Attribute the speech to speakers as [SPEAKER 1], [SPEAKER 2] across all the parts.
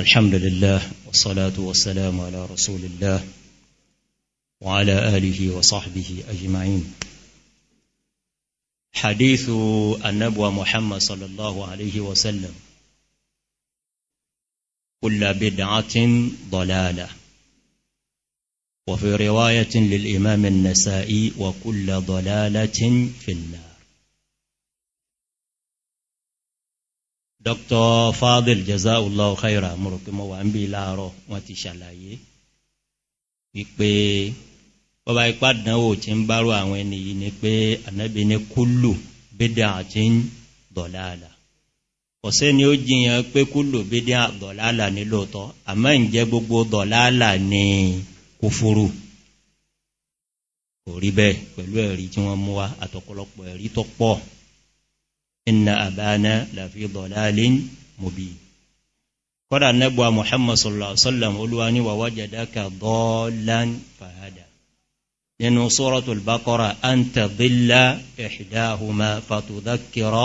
[SPEAKER 1] الحمد لله والصلاة والسلام على رسول الله وعلى آله وصحبه أجمعين حديث النبوة محمد صلى الله عليه وسلم كل بدعة ضلالة وفي رواية للإمام النسائي وكل ضلالة في النار dr fadil jazaullah khaira mo rò pé mo wà ń bí láàárọ̀ wọ́n ti ṣàlàyé wípé bọ́bá ipá dánwò tí ń bárò àwọn ẹni yìí ni pé ànábì ní kúlù bídà àti ń dọ̀láàlà ọ̀sẹ́ ni ó jiyàn pé kúlù bídà dọ̀láàlà ní lóòótọ́ àmọ́ ǹjẹ́ gbogbo dọ̀láàlà ní kófóró kò rí bẹ́ẹ̀ pẹ̀lú ẹ̀rí tí wọ́n mú wa àtọ̀pọ̀lọpọ̀ ẹ̀rí tó pọ̀ iná àbáná láfi dọ̀lálé mọ̀bí kọ́dà nẹ́gbà muhammad sallallahu alaihi wasallam olúwa ní wà wájàdá ka dọ́ọ̀lán fàádà nínú sọ́rọ̀tù albakọ́ra an tàbílá ìdáhùmá fàtúdákìrọ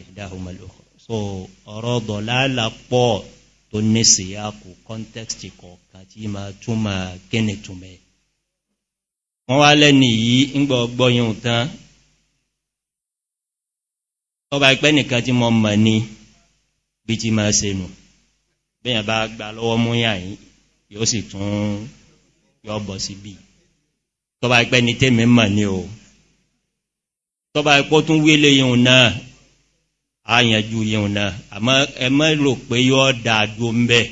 [SPEAKER 1] ìdáhùmá so ọ̀rọ̀ dọ̀lálà pọ̀ tó ní síyákù kọ́ntẹ́kìtì kọ̀ọ̀kan tí máa túmọ̀ tọ́ba ìpẹ́ nìkan tí mo mọ̀ ní bí ti máa ṣe nù bẹ́yàn bá gba lọ́wọ́ mú yà yìí yóò sì tún yọ bọ̀ síbí tọ́ba ìpẹ́ ní tèmi mọ̀ ní o tọ́ba ìpọ́ tún wílé yìí náà àyànjú yìí náà àmọ́ ẹ mọ́ rò pé yóò dáadó ń bẹ̀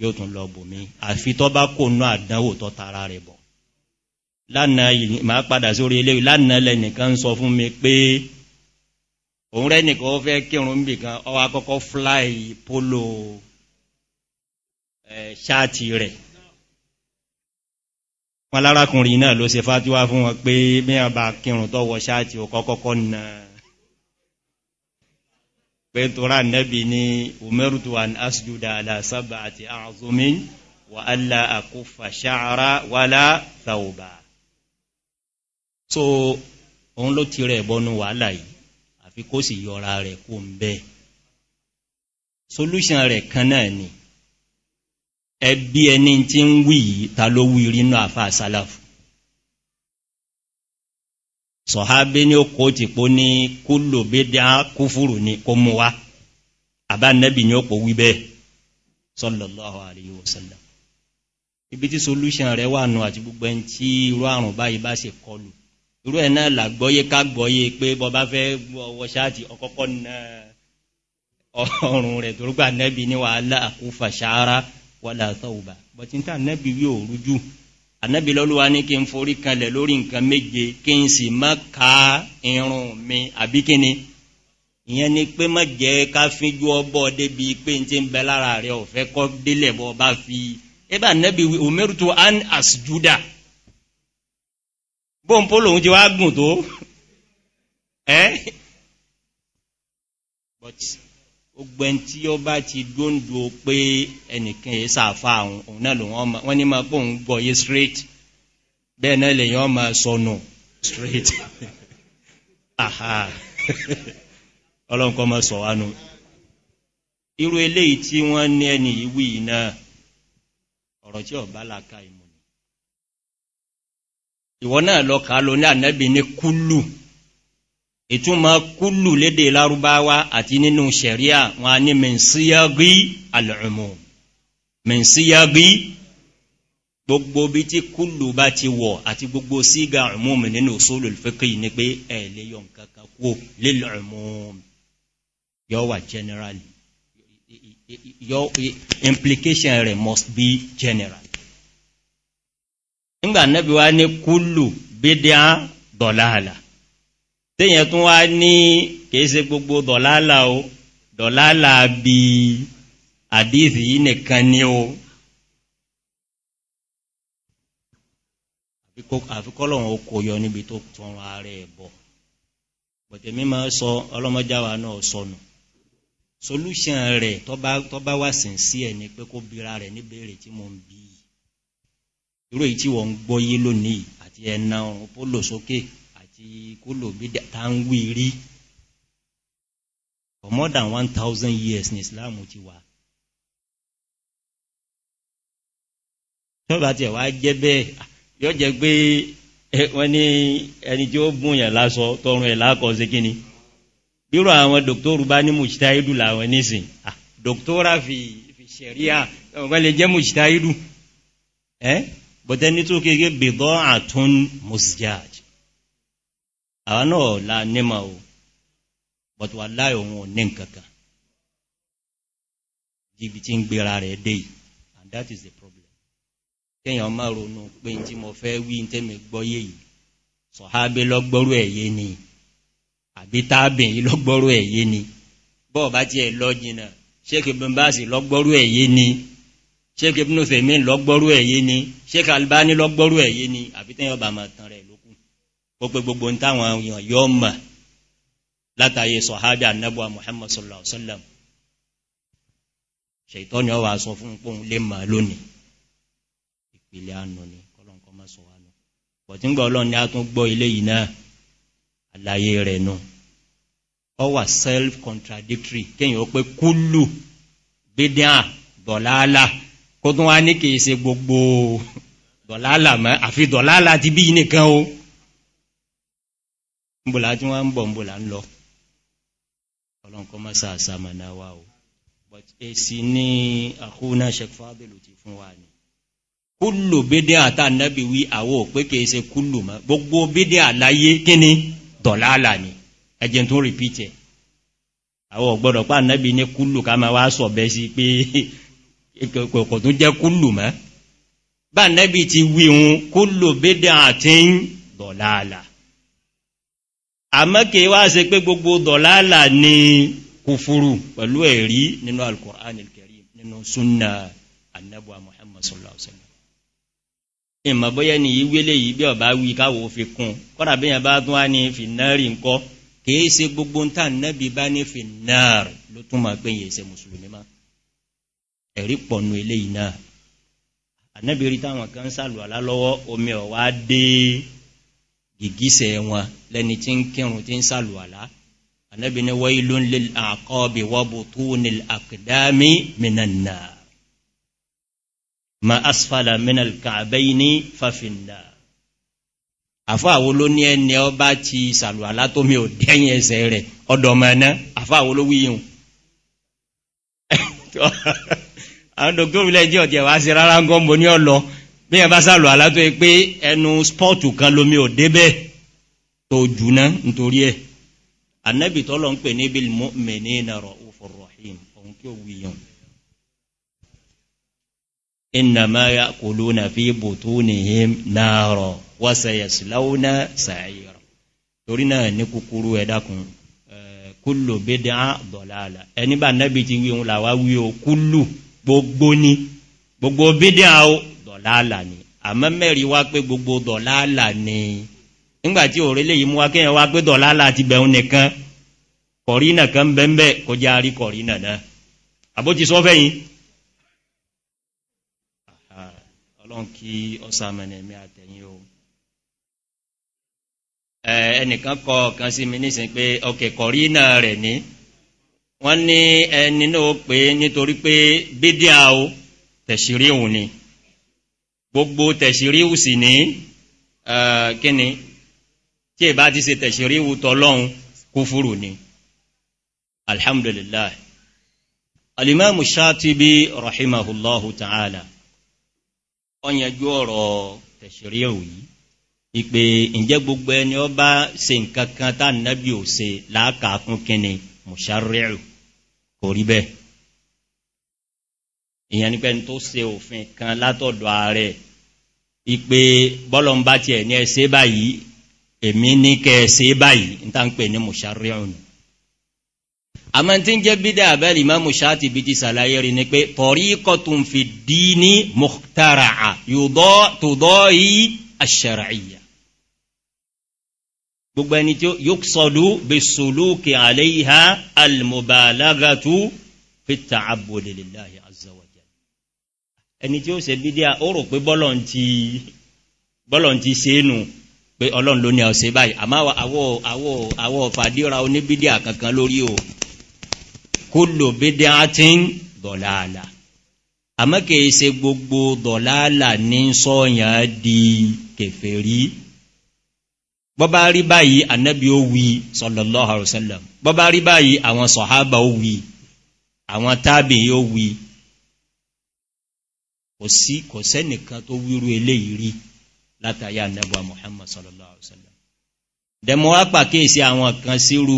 [SPEAKER 1] yóò tún lọ bò mí àfi tọ́ba kò nú àdánwò tọ́ tara rẹ̀ bọ̀ lánàá yìí máa padà sórí eléyìí lánàá lẹ́nìkan sọ fún mi pé òun rẹ nìkan ó kírun ń kan ọwọ́ akọ́kọ́ fly polo ṣáàtì rẹ̀ wọn lárakùnrin náà ló ṣe fátíwá fún wọn pé mẹ́rin bá kírun tọ́wọ́ ṣáàtì ọkọ̀ kọ́kọ́ na pé torá nẹ́bi ní umarutu an asjuda alasaba àti azumin wa allah akufa ṣáàrá wàlá tàwùbà so òun ló ti rẹ̀ wàhálà yìí àfi kó sì yọra rẹ̀ kó ń bẹ́ẹ̀ solution rẹ̀ kan náà ni ẹbí ẹni tí ń wí yìí ta ló wí rínú àfa àsálàfù sọ̀hábé ní okò tí pó ní kúlò bédé kúfúrù ní kó mú wá àbá nẹ́bì ní okò wí bẹ́ẹ̀ sọ́lọ̀lọ́wọ́ àríyí wọ̀sánlá ibi tí solution rẹ̀ wà nù àti gbogbo ẹni tí irú àrùn báyìí bá ṣe kọlù irú ẹ̀ náà làgbọ́yé ká gbọ́yé pé bọba fẹ́ ọwọ́ ṣáàtì ọkọ́kọ́ na ọrùn rẹ̀ tó rúgbà nẹ́bi ní wàhálà àkúfà ṣáárá wàhálà àtọ̀wùbà bọ̀tí ní tà nẹ́bi wí òrújú ànẹ́bi lọ́lúwa ní kí n forí kanlẹ̀ lórí nǹkan méje kí n sì má ka irun mi àbí kí ni ìyẹn ni pé má jẹ́ ká fíjú débi pé n ti ń bẹ lára rẹ̀ ọ̀fẹ́ kọ́ délẹ̀ bọ́ bá fi ẹ bá nẹ́bi wí òmẹ́rùtò an asjuda bóńpó lòun ti wá gùn tó but gbogbo ẹni tí ó bá ti dóńdó pé ẹnìkan yìí sàfà àwọn òun náà lòun ọmọ wọn ní máa pé òun gbọ yé straight bẹ́ẹ̀ náà lèyìn ọmọ sọnù straight ọlọ́run kọ́ máa sọ wá nù irú eléyìí tí wọ́n ní ẹni yìí wí yìí náà ọ̀rọ̀ tí ọ̀bá làkà ìmọ̀ ìwọ náà lọ kà á lọ ní ànábì ní kúlù ìtumọ̀ kúlù léde lárúbáwá àti nínú sẹ̀ríà wọn ni mẹ̀nsíyágí àlùmọ̀ mẹ̀nsíyágí gbogbo bí tí kúlù bá ti wọ̀ àti gbogbo síga ọ̀mùmù nínú sólù fẹ́kì ni pé ẹ̀ lè yọ nǹkan kan kó lílọ̀ ọ̀mùmù yọ wà generally implication rẹ̀ must be general nígbà nẹ́bí wa ní kúlù bídíà dọ̀láàlà téèyàn tún wá ní kìí ṣe gbogbo dọ̀láàlà o dọ̀láàlà bí àdíìsì yìí nìkan ni o àfikọ́lọ́hún oko yọ níbi tó tún ara ẹ̀ bọ̀ bọ̀tẹ̀mí máa sọ ọlọ́mọjáwa náà sọnù solution rẹ̀ tọ́ba wá sìn sí ẹ̀ ni pé kó bira rẹ̀ níbèrè tí mo ń bí irú èyí tí wọ́n ń gbọ́ yé lónìí àti ẹ̀nà ọ̀run sókè àti kólò gbédà tá ń wí rí for more than one thousand years ní islam ti wà. tọ́ba tiẹ̀ wá jẹ́ bẹ́ẹ̀ yóò jẹ́ pé wọ́n ní ẹni tí ó bùn yàn lásọ tọrùn ẹ̀ lákọ̀ọ́ sí kínni bírò àwọn dòktóru bá ní mùsítà ìlú làwọn nísìn ah, dòktóra fi ṣẹ̀ríà ọ̀gbọ́n jẹ́ mùsítà ìlú Eh? bọ̀tẹ́ ní tó kéèké bìbọ́ àtún mosjad àwa náà la nímọ̀ o bọ̀tù wà láì òun ò ní nkankan jìbìtì ń gbéra rẹ̀ dé yìí and that is the problem kéèyàn má ronú pé tí mo fẹ́ wí tẹ́mi gbọ́yé yìí sọ̀hábé lọ́gbọ́rú ẹ̀yé ni àbí tábìn yìí lọ́gbọ́rú ẹ̀yé ni bọ́ọ̀ bá tiẹ̀ lọ́jìnà ṣé kí bímbáàsì lọ́gbọ́rú ẹ̀yé ni sheikh ibn femin lọgbọrú ẹ yé ni sheikh albani lọgbọrú ẹ yé ni àfi tẹyìn ọba àmọ tán rẹ lókun gbogbo gbogbo ntáwọn èèyàn yọ ọmọ látàyè sọhábì anabu muhammad sallallahu alaihi wa sallam ṣètò ni ọ wàá sọ fún pòun lè mà lónìí ìpìlẹ̀ àná ni kọ́lọ́n kọ́ sọ wá nù bọ̀tíngbà ọlọ́run ni a tún gbọ́ ilé yìí náà àlàyé rẹ̀ nù ọ wà self contradictory kéèyàn ó pé kúlù bídíà bọ̀láàlà kó tún wá ní kìí ṣe gbogbo dọ̀làlà mọ́ àfi dọ̀làlà ti bí nìkan o nbola tí wọ́n ń bọ̀ nbola ń lọ ọlọ́nkọ́ má sàásà mà náà wá o but èsì ní àkóónà sẹ́kfábẹ́lù ti fún wa ni kúlù bídé àtà nábì wí àwọ òpé kìí ṣe kúlù mọ́ gbogbo bídé àláyé kíni dọ̀làlà ni ẹjẹ̀ tó rìpítẹ̀ àwọn ògbọ́dọ̀ pa nabi ne kúlù kama máa wá sọ̀ bẹ́ kò tún jẹ́ kúlù mọ́ bá nẹ́bí ti wí hun kúlù bídẹ̀ àti ń dọ̀láàlà àmọ́ kí wá ṣe pé gbogbo dọ̀láàlà ni kúfúrú pẹ̀lú ẹ̀rí nínú alukur'an nínú sunna anabu muhammad sallallahu alaihi wa sallam ìmọ̀ bóyá ni yìí wélé yìí bí ọba wí káwọ́ fi kún kọ́dà bí yẹn bá tún wá ní fìnnárì ńkọ́ kì í ṣe gbogbo ń tà nẹ́bí bá ní fìnnárì ló tún máa gbẹ̀yìn ṣe mùsùlùmí máa ẹ̀rí pọ̀nù eléyìí náà ànábìrí táwọn kan ń sàlùwàlá lọ́wọ́ omi ọ̀wá dé gìgísẹ̀ wọn lẹ́ni tí ń kírun tí ń sàlùwàlá ànábì ní wọ́n ìlú lè àkọ́bì wọ́bù tó ní àkìdámi mìnànà ma asfala minal kàbẹ́yì ní fàfinà àfọ́ àwọn olóní ẹni ọba ti sàlùwàlá tó mi ò dẹ́yìn ẹsẹ̀ rẹ̀ ọ̀dọ̀mọ̀ ẹ̀ná àfọ́ àwọn olówó àwọn dòkítọ́rù lẹ́jẹ́ ọ̀tí ẹ̀wà sí rárá ń gọ́ mbọ ní ọ̀lọ́ bí yẹn bá sàlù alátó yẹ pé ẹnu spọ́ọ̀tù kan lomi ò débẹ̀ tó jùnà nítorí ẹ̀ anabi tọ́lọ̀ ń pè ní bí mẹ́ni nàrọ̀ òfòròhìn òun kí òun yàn. ìnàmá ya kòló na fi bòtó nìyẹn nàrọ̀ wàsàyẹsìláwó na sàyẹrọ torí náà ní kúkúrú ẹ̀ dákun kúlò bẹ́ẹ̀ dá dọ̀là ẹni bá anabi ti wí òun làwa wí o kúlù gbogbo ni gbogbo bídíà ó dọ̀láàlà ni àmọ́ mẹ́rin wá pé gbogbo dọ̀láàlà ni nígbàtí òrèlè yìí mú wa kéèyàn wá pé dọ̀láàlà ti bẹ̀rùn nìkan kọ̀rínà kan bẹ́ńbẹ́ kọjá rí kọ̀rínà náà àbó ti sọ fẹ́yìn. ọlọ́run kí ọ̀sàmọ̀nà mi àtẹ̀yìn o ẹnìkan kọ kan sí mi nísìnyí pé ọkẹ̀ kọ̀rínà rẹ̀ ní wọ́n ní ẹni náà pé nítorí pé bídíà o tẹ̀sírí òun ni gbogbo tẹ̀sírí òun sì ní kíni tí èbá ti ṣe tẹ̀sírí òun tọ́lọ́hun kúfúrú ni alhamdulilayi alimami shatibi rahimahullahu ta'ala ọ̀yànjú ọ̀rọ̀ tẹ̀sírí òun yìí ìpè ǹjẹ́ gbogbo ẹni ọba ṣe nǹkan kan tá nàbí ò làákàá fún kíni mùsàrẹ́rù kò rí bẹ́ẹ̀ ìyẹn ni pé ní tó ṣe òfin kan látọ̀dọ̀ ààrẹ ìpè bọ́lọ̀mbá tiẹ̀ ní ẹsẹ̀ báyìí èmi ní kẹ́ ẹsẹ̀ báyìí ní tá ń pè ní mùsàríọ̀nù àmọ́ tí ń jẹ́ bídẹ́ àbẹ́lì má mùsàtì bíi ti ṣàlàyé rí ni pé tọ̀rí kọ́ tó ń fi dí ní mùtàrà tòdọ́ yìí àṣàràyà gbogbo ẹni tí yóò sọdú bisolókè àléyìá almubalagatu peter abudulayi azawajà ẹni tí ó ṣe bí díà ó rò pé bọ́lọ̀ ń ti bọ́lọ̀ ń ti ṣe é nù pé ọlọ́run ló ní ọ̀sẹ̀ báyìí àmọ́ àwọ̀ àwọ̀ àwọ̀ fàdíra oníbídíà kankan lórí o kó lò bídíà tí ń dọ̀làlà àmọ́ kìí ṣe gbogbo dọ̀làlà ní sọ́yàn di kẹfẹ́ rí bọ́bá rí báyìí ànábì ó wí sọlọ́lọ́ àrùsẹ́lẹ̀m bọ́bá rí báyìí àwọn sọ̀hábà ó wí àwọn tábì ó wí kò sí kò sẹ́nìkan tó wíru eléyìí rí látàyà ànábì muhammad sọlọ́lọ́ àrùsẹ́lẹ̀m dẹ̀mọ́ wá pàkíyèsí àwọn kan sírú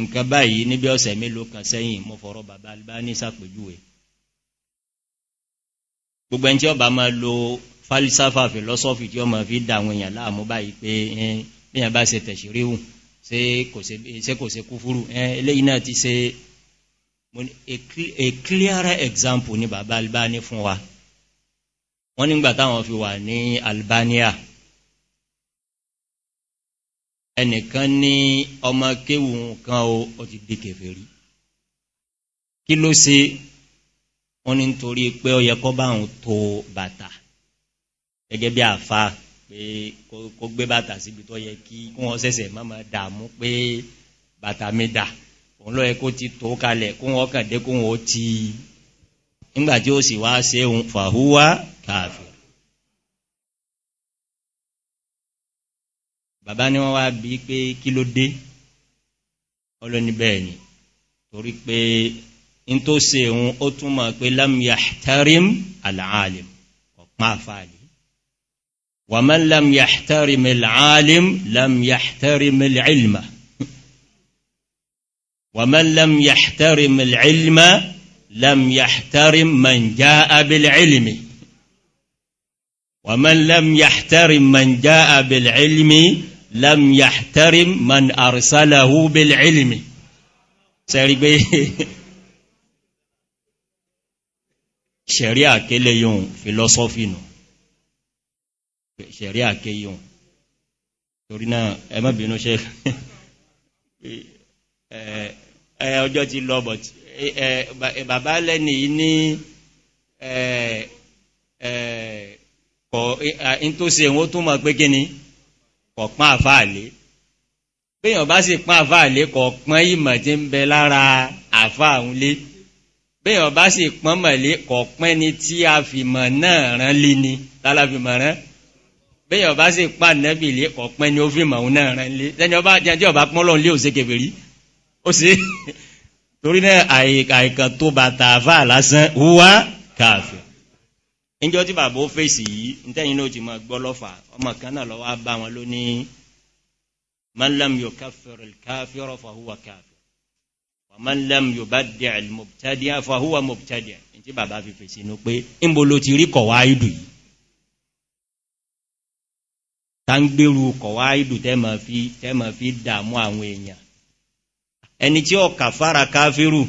[SPEAKER 1] nǹkan báyìí níbi ọ̀sẹ̀ mélòó kan sẹ́yìn mo fọ̀rọ̀ bàbá alibá ní sàpèjúwe gbogbo ẹni tí ọba máa lo falisafa philosophy tí wọ́n máa fi dà àwọn èèyàn láàmú báyìí pé bíyàn bá ṣe tẹ̀síríhù ṣé kò ṣe kúfúrú eléyìí náà ti ṣe a clear example ni bàbá albani fún wa wọ́n nígbà táwọn fi wà ní albania ẹnìkan ní ọmọ kéwù kan o ó ti di kẹfẹ́rí kí ló ṣe wọ́n ní nítorí pé ó kọ́ bá òun to bàtà gẹ́gẹ́ bí àfa pé kó gbé bàtà síbi tó yẹ kí wọ́n sẹ̀sẹ̀ má máa dààmú pé bàtà mi dà òun lọ́yẹ kó ti tó kalẹ̀ kó wọ́n kàn dé kó wọ́n ti nígbà tí ó sì wá ṣe òun fàhùwà káàfì. bàbá ni wọ́n wá bí pé kí ló dé ọlọ́ni bẹ́ẹ̀ ni torí pé n òun ó túmọ̀ pé lámìyà tarim àlàálẹ̀ ọ̀pá àfààní. ومن لم يحترم العالم لم يحترم العلم ومن لم يحترم العلم لم يحترم من جاء بالعلم ومن لم يحترم من جاء بالعلم لم يحترم من أرسله بالعلم سربي شريعة كليون فيلوسوفينو ṣẹ̀rí àkéyùn torí náà ẹ má bínú ṣe ẹ ọjọ́ ti lọ bọ̀ bàbá lẹ́ni yìí ní kọ̀ ń tó ṣe wọ́n tó mọ̀ pé kí ni kọ̀ pọ́n àfáàlé béèyàn bá sì pọ́n àfáàlé kọ̀ pọ́n ìmọ̀ tí ń bẹ lára àfáàhùn lé béèyàn bá sì pọ́n mọ̀lé kọ̀ pọ́n ni tí a fìmọ̀ náà rán lé ni tá rán bẹ́yàn bá sì pa nẹ́bì ilé ọ̀pẹ́ ni ó fi màún náà rẹ̀ lé lẹ́ni ọba jẹjẹ ọba pọ́n lọ́n lé òsè kẹfẹ́ rí ó sì torí náà àìkàn tó bàtà àfà lásán wúwá káàfẹ́ níjọ́ tí bàbá ó fèsì yìí ntẹ́yìn náà ti máa gbọ́ lọ́fà ọmọ kan náà lọ́wọ́ á bá wọn lónìí mọ́lẹ́m yóò káfẹ́rẹ́ káfẹ́rọ́ fàhùwà káfẹ́ mọ́lẹ́m yóò bá dẹ̀ mọ̀tádìá fàhùwà mọ̀tádìá ntí bàbá fi tá ń gbèrú kọ̀wá ìdù tẹ́mọ̀ fi dààmú àwọn èèyàn ẹni tí ọ̀kà fara káfíru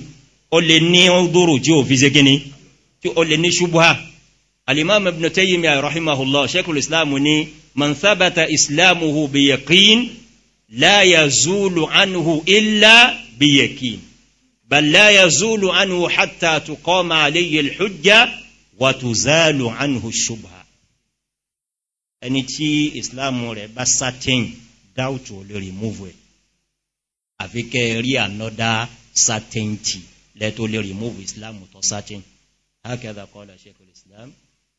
[SPEAKER 1] ó lè ní ọdúró tí ò fi ṣe kíni tí ó lè ní ṣubúhà alimami ibn tayyimi rahimahullah sheikul islam ni man sábàtà islamuhu biyakin láyà zulu anhu illa biyakin bal láyà anhu hatta tukọ́ màálẹ́yẹ lḥujja wàtúzàlù anhu ṣubúhà ẹni tí ìsìláàmù rẹ̀ bá certain doubt ò lè remove ẹ̀ àfi kẹ́ rí another certainty lẹ́tọ́ lè remove ìsìláàmù tó certain هكذا قال شيخ الإسلام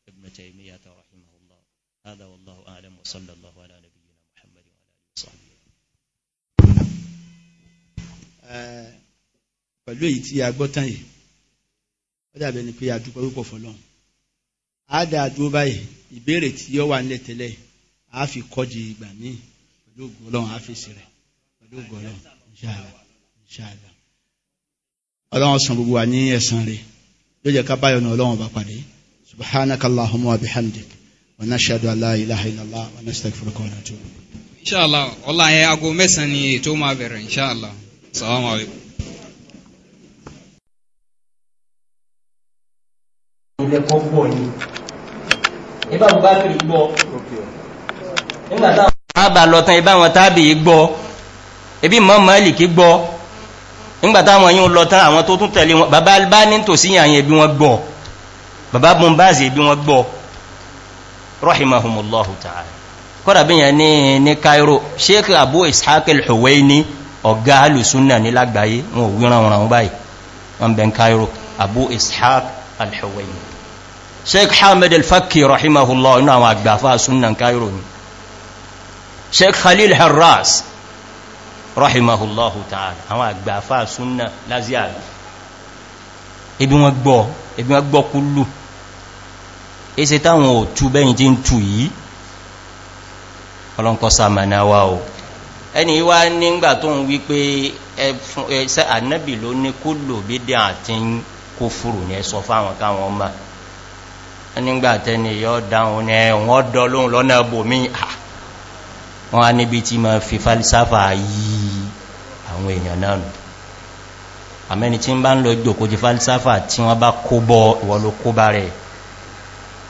[SPEAKER 1] ابن تيمية رحمه الله هذا والله أعلم وصلى الله على نبينا محمد وعلى آله وصحبه pẹ̀lú èyí tí a gbọ́ tán yìí ó dàbẹ̀ ni pé a dúpẹ́ púpọ̀ fọlọ́run á dáa dúró báyìí ìbéèrè tí yọ wà nílẹ̀ tẹ́lẹ̀ a fi kọ́jú ìgbà míì pẹ̀lú ògùn ọlọ́run a fi sèrè pẹ̀lú ògùn ọlọ́run inshallah inshallah ọlọ́run san gbogbo wa ní ẹ̀san rẹ̀ yóò jẹ́ ká báyọ̀ náà ọlọ́run bá pàdé subhanaka allahumma wa bihamdik wa nashhadu an ilaha illallah wa nastaghfiruka wa natubu. inshallah ọ̀la yẹn aago mẹ́sàn-án ni ètò máa bẹ̀rẹ̀ inshallah salamu alaykum. ilé kọ́ pọ̀ ni ibà bùbákìrì gbọ́ nígbàtà àbà lọ́tàn ibà wọn tábì gbọ́ ebi mọ́ mọ́lì kí gbọ́ nígbàtà wọn yíò lọ́tàn àwọn tó tún tẹ̀lé wọn bàbá bá ní tòsí yàn ebi wọn gbọ́ bàbá bùn báàzì ebi wọn gbọ́ rahimahumullahu ta'ala kọ́dà bí yẹn ní ní sheik hamid al-fakki rahimahullah inú àwọn àgbàfà sunan cairo ni sheik khalil harras rahimahullah ta'ala àwọn àgbàfà sunan lazial ibi wọn gbọ́ ibi wọn gbọ́ kúlù ẹsẹ táwọn ò tú bẹ́yìn tí ń tú yìí ọlọ́nkọ́ sàmànà wa o ẹni wá nígbà tó ń wí pé ẹ̀fún ẹ̀sẹ̀ ànábì ló ní kúlù bí àti kó fúrù ní ẹsọ fáwọn káwọn máa nígbàtẹ́ ni yọ́ dáhùn ní ẹ̀wọ̀n dọ́ lóhun lọ́nà bòmí wọ́n a níbi tí ma fi falisafa yìí àwọn èèyàn náà nù àmẹ́ni tí ń bá ń lọ ìjòkó jí falisafa tí wọ́n bá kó bọ́ ìwọ̀n ló kó bá rẹ̀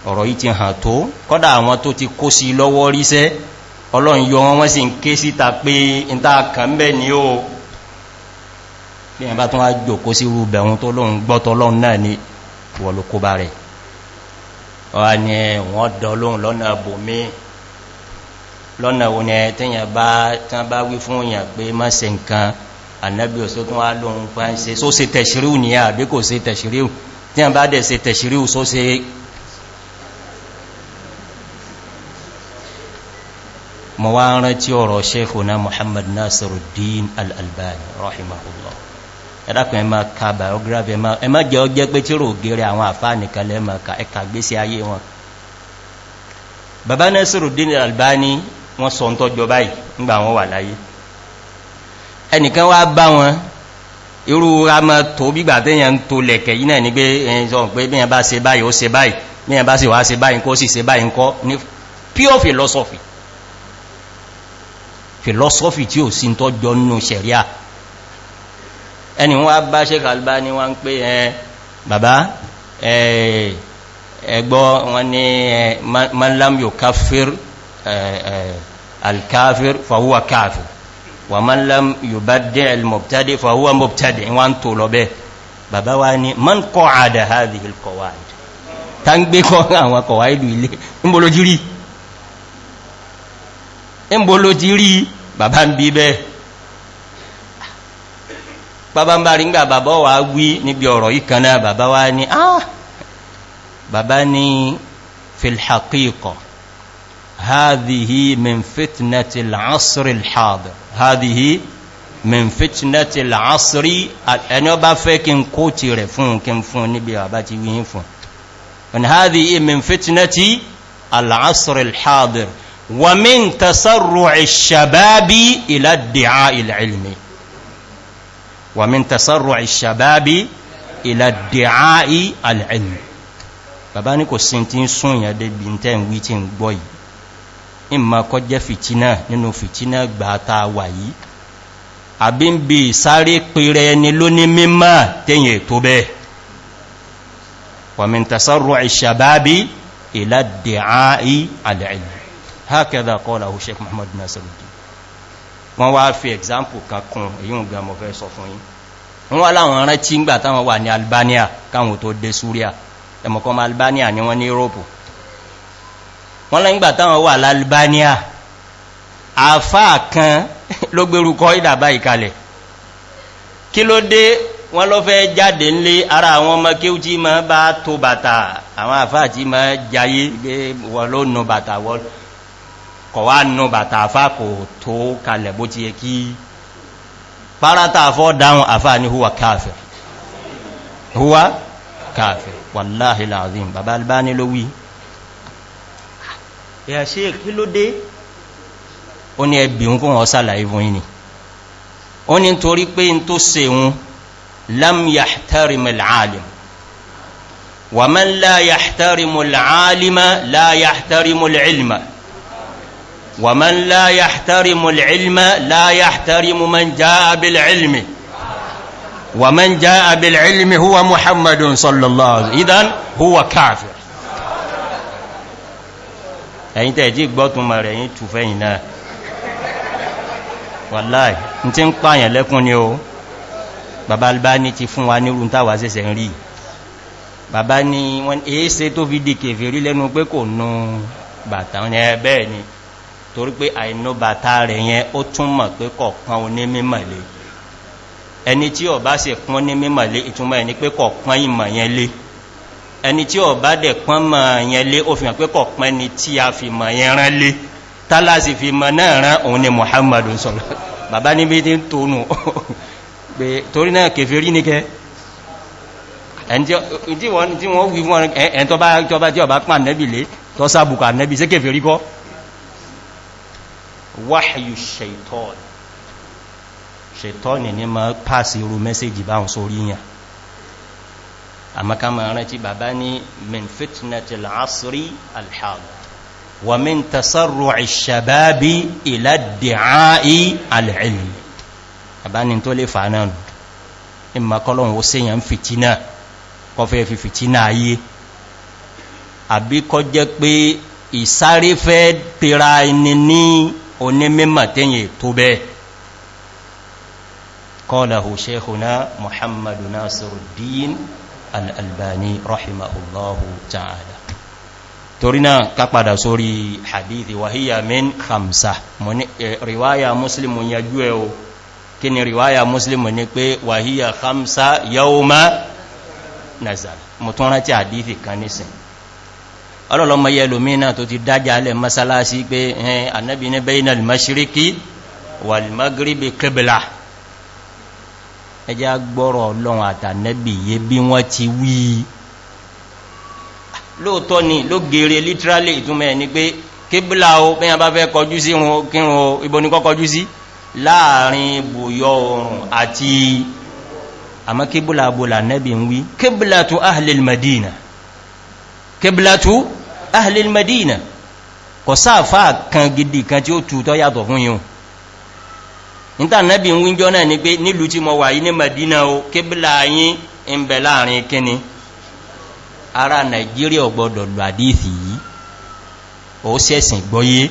[SPEAKER 1] ọ̀rọ̀ yìí ti hàn tó kọ́dà àwọn tó ti kó sí lọ́wọ́ ríṣẹ́ ọlọ́run yọ wọn wọ́n ni wọ́n dọ́lóhun lọ́nà bòmí lọ́nà òní ẹ̀tẹ́yàn bá tán bá wí fún òyàn pé má se nǹkan annabi òsó tún wá lóhun pa ń se só se tẹ̀ṣíríù ní àbí kò se tẹ̀ṣíríù tí a bá dẹ̀ se tẹ̀ṣíríù só se mọ̀ wá rántí ọ̀rọ̀ sẹ́fò náà muhammad nasiruddin al'albani rahimahullah ẹ̀dàkùn ẹ̀mà ka biography ẹ̀mà jẹ́ ọjẹ́ pé tí rògèrè àwọn àfáà nìkan lẹ́mà ka ẹ̀kà gbésí ayé wọn bàbá nẹ́sìrùdín albani wọ́n sọ ń tọ́jọ báyìí nígbà wọn wà láyé ẹnìkan wá bá wọn irú ramọ́ tó bígbà tẹ́yàn ń tó lẹ̀kẹ̀ yínà ní pé ẹ̀yìn pé bí bá se báyìí ó se báyìí bí bá se wá se báyìí kó sì se báyìí kọ́ ní pure philosophy philosophy tí ò sí tọ́jọ nínú sẹ̀ríà ẹni wọ́n bá Sheikh Albani wọ́n ń pè ẹ bàbá ẹgbọ́ wọn ni man lam yukaffir al-kafir fahuwa kafir wa man lam yubaddi' al-mubtadi fahuwa mubtadi wọ́n tó lọ bẹ́ bàbá wá ní man qa'ada hadhihi kọ́ àwọn qawaid bàbá ń bá rí ńgbà bàbá wà wí níbi ọ̀rọ̀ yìí kan náà bàbá wá ní ah bàbá ní filhakíkọ̀ hádìí min fitnati al'asri al-hadir hádìí min fitnati al'asri ẹni ọ bá fẹ́ kí n kó ti rẹ̀ fún kí n fún níbi bàbá ti wí yín fún wọn hádìí min fitnati al'asri al-hadir wa min tasarru'i shababi ومن تسرع الشباب إلى الدعاء العلم bàbá ní kò sí tí ń sún ìyà débi tẹ́ ń wí tí ń gbọ́ yìí in ma kọ́ jẹ́ fìtínà nínú fìtínà gbà ta wà yìí àbí ń bí sáré pèrè ẹni ló ní tẹ́yìn ètò bẹ́ẹ̀ wàmín tasarru ìṣàbábí ìlàdìá alẹ́ wọ́n wá fi example kan kún èyí ń gbà mọ̀ fẹ́ sọ fún yín wọ́n wá láwọn rántí ń gbà táwọn wà ní albania káwọn tó dé súríà ẹmọ̀kan albania ni wọ́n ní europe wọ́n lẹ́yìn gbà táwọn wà l'albania àfá kan ló gbérú kọ́ ìdàbá ìkalẹ̀ kí ló dé wọ́n lọ fẹ́ jáde nlé ara àwọn ọmọ kí ó jí ma bá tó bàtà àwọn àfá àti ma jayé wọ́n ló nù bàtà wọ́n kọ̀ wá nù bàtà àfá kò tó kalẹ̀ bó ti yẹ kí párátà àfọ́ dáhùn àfá ní huwa káàfẹ̀ huwa káàfẹ̀ wàláhì láàrin bàbá albáni ló wí ẹ̀yà ṣe kí ló dé ó ní ẹbí ń kún ọ̀sálà ìfún yìí ó ní láyàtàrí mọ́láàlìmá ومن لا يحترم العلم لا يحترم من جاء بالعلم ومن جاء بالعلم هو محمد صلى الله عليه وسلم إذن هو كافر ẹ̀yìn tẹ́ jí gbọ́tún ma rẹ̀ yí tùfẹ́yìn náà wàláì ní tí ń pààyàn lẹ́kún ni o bàbá albá ní ti fún wa ní rúntà wà sẹ́sẹ̀ rí bàbá ní wọ́n èése tó fi dìkè fèrí lẹ́nu pé kò nù bàtà ọ̀nà ẹ̀bẹ́ẹ̀ ni torí pé àìnà bàtà rẹ̀ yẹn ó túnmọ̀ pé kọ̀kan oní mímọ̀lé ẹni tí ọ bá sì pọ́n ní mímọ̀lé ìtúnmọ̀ ẹni pé kọ̀kan ìmọ̀ yẹn lé ẹni tí ọ bá dẹ̀ pọ́n mọ̀ yẹn lé ó fi pé kọ̀kan ni tí a fi mọ̀ yẹn rán lé tálá sì fi mọ̀ náà rán òun ni muhammadu sọ̀rọ̀ bàbá níbi tí ń tónù pé torí náà kèfè rí ní kẹ́ ẹni tí wọ́n wí fún ẹni tó bá tí ọba pàǹdẹ́bì lé tọ́sàbùkà nẹ́bì sí kèfè rí kọ́ wáhíyù ṣeitọ́n ṣeitọ́n ni ma pàṣẹ irú mẹ́sẹ̀jì báhùn sórí yàn àmọ́ká ma rántí bàbá ní min fitnati al'asiri alhada wa min tasarru ìṣàbábi ìlàdìáì al'ilmi bàbá ni tó lè fà náà ìmà kọlọ̀wọ̀ ó sèyàn fìtínà kọfẹ́ fi fìtínà ayé àbíkọ́ jẹ́ pé ìsáréfẹ́ tèrà ẹni ní onímímà tẹ́yìn tó bẹ́ẹ̀ kọ́lọ̀hù ṣéhùná muhammadu nasiruddin al'albani rahimahullahu ta'ala torí náà ká padà sórí hadithi wahiyya min khamsa riwaya muslimu yanjú ẹ o kí ni riwaya muslimu ni pé wahiyya khamsa yau ma nazar mutum rántí hadithi kan nísìn ọlọ́lọ́mọ yẹ lòmínà tó ti dájá alẹ́ masalasi pé ẹn annabi ní bẹ́yìnà al-mashiriki wal-maghribi qibla ẹjá gbọ́rọ̀ ọlọ́run àtànẹ́bì yé bí wọ́n ti wí lóòtọ́ ni ló gèrè literally ìtumẹ̀ ni pé kébìlà o bẹ́yàn bá fẹ́ kọjú sí kírun o ibo ní kọ́kọjú sí àmọ́ kébìlà abúlà nẹ́bì wí kébìlà tó ahlil madina kébìlà tó ahlil medina kò sáàfà kan gidi kan tí ó tu tọ́ yàtọ̀ fún yíò níta nẹ́bí wíjọ́ náà ni pé nílùú tí mo wà yí ní medina o kébìlà yín ń bẹ̀ láàrin kíni ara nàìjíríà gbọdọ̀ lọ àdíìsì yìí ó sẹ́sìn gbọ́yé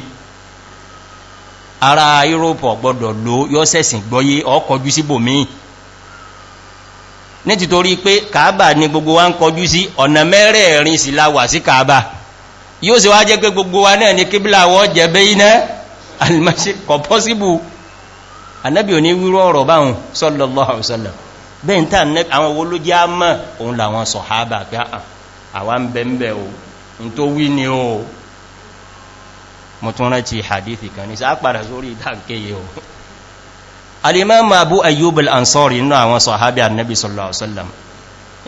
[SPEAKER 1] ara europe gbọdọ̀ lọ yọ́ sẹ́sìn gbọ́yé ọkọ̀jú síbòmíì ní títorí pé kàábà ni gbogbo wa ń kọjú sí ọ̀nà mẹ́rẹ̀ẹ̀rin sí láwà sí kàábà yóò se wá jẹ́ pé gbogbo wa náà ni kíbílà wọ́n jẹ́bẹ́ iná alìmọ́sí kọ̀ pọ́síbù anábì òní wíró ọ̀rọ̀ báhùn sọ́lọ́lọ́sọ́lọ́ bẹ́ẹ̀ tà àwọn owó ló jẹ́ àmọ́ òun làwọn sọ̀hábà pé ah, ah, àwa ń bẹ ń bẹ o n tó wí ni o mo tún rántí hadith ayyub al inú àwọn sọ̀hábà annabi sallallahu alaihi wasallam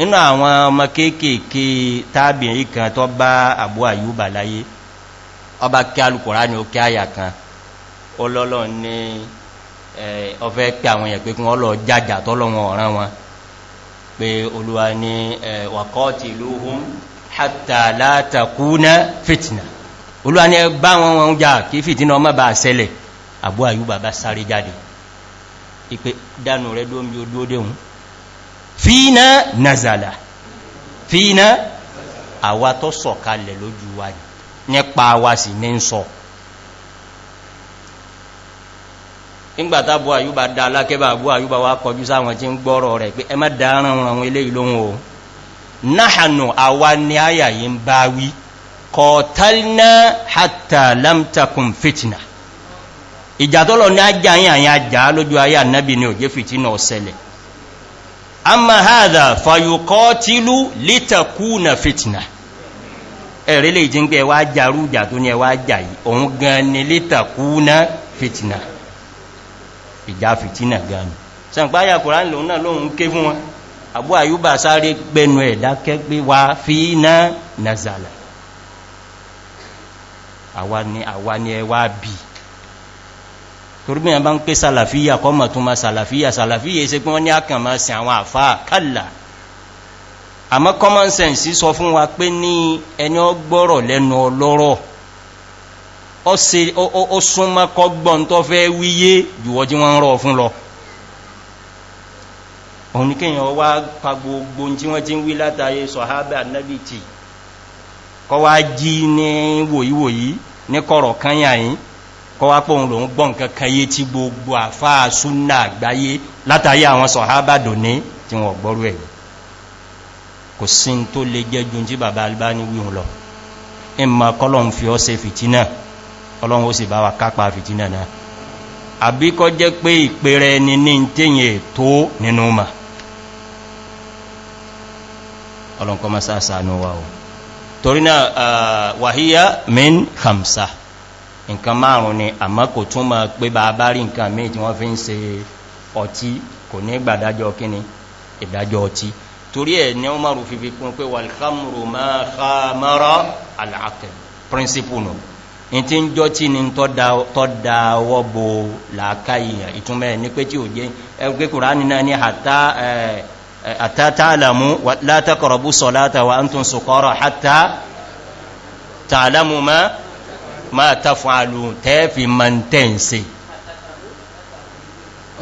[SPEAKER 1] inú àwọn ọmọ kéèkèé tábìnrin kan tó bá àbú ayuba láyé ọba kí alùkùnrà ní òkè àyà kan ọlọ́lọ́ ní ọfẹ́ pẹ àwọn èèyàn pé kún ọlọ́ jàjà tọ́lọ́wọ́n ọ̀rán wọn pé olúwa ní wàkọ́ọ̀tì lóhun hátà fìtìnà olúwa ní bá wọn wọn jà kí fìtìnà ọmọ bá sáré jáde Fina nazala Fina, àwa tó sọ̀kalẹ̀ lójú wa nípa wa sì ní ń sọ nígbàtà bú àyúbà dá alákẹ́bà bú àyúbà wá kọjú sáwọn tí ń gbọ́rọ̀ rẹ̀ pé ẹ má dáran àwọn ilé ìlóhun o náhànù àwa ni àyà yìí ń bá wí kọ̀tálná hàtà lámtakùn fìtìnà ìjà tọ́lọ ní ajá yìí àyà ajá lójú ayà nábì ni òjé fìtìnà ọ̀sẹ̀lẹ̀ amma haza fayukọ́tílú lítakúna fitna ẹ̀rẹ́ lè jí ń gẹ́ wá jarújà tó ní ẹwà jàyí òun gan ni lítakúna fitna ìjà fitina gan ni sàǹpáyà kùrán lòun náà lòun ké fún wọn àbú àyúbà sáré gbẹnu ẹ̀ dákẹ́gbé wa fi iná nazala àwa ni ẹwà bíi torí bí wọn bá ń pé sàlàfíyà kọ́mọ̀ tó ma sàlàfíyà sàlàfíyà ṣe pé wọ́n ní àkànmá sí àwọn àfá kàlà àmọ́ common sense sọ fún wa pé ní ẹni ọgbọ́rọ̀ lẹ́nu ọlọ́rọ̀ ó súnmọ́ kọgbọ́n tó fẹ́ wíyé jùwọ́ tí wọ́n ń rọ̀ fún lọ òun ní kíyàn wá pa gbogbo tí wọ́n ti ń wí látàyè sọ̀hábà nábìtì kọ́ wá jí ní wòyíwòyí ní kọ̀rọ̀ kányà yìí kọwa pọ̀hun lòun gbọ́n nǹkan kanyé tí gbogbo àfáà súnà àgbáyé látàrí àwọn sọ̀hábàdò ní tí wọ́n gbọ́rú ẹ̀yìn kò sí tó lè jẹ́jú tí bàbá albá ní wíhun lọ ìmọ̀ kọlọ̀n fi ọ́ se fìtínà ọlọ́run ó sì bá wa kápa fìtínà náà àbíkọ́ jẹ́ pé ìpẹrẹ ni ní tẹ́yìn ètò nínú mà ọlọ́nkọ́ masá sànú wa o torí náà wàhíyá min hamsa nǹkan márùn ni àmọ́ kò tún mọ̀ pé bá bá rí nǹkan míì tí wọ́n fi ń se ọtí kò ní gbàdájọ́ kíni ìdájọ́ ọtí torí ẹ̀ ní ọmọrù fífi kún pé wàlhámùrù máa ha mọ́rọ́ àlàákẹ̀ príncipù nù in ti ń jọ tí ni tọ́ da ọwọ́ bo máa tafún alùn tẹ́ẹ̀fì mọ́ntẹ́ǹsì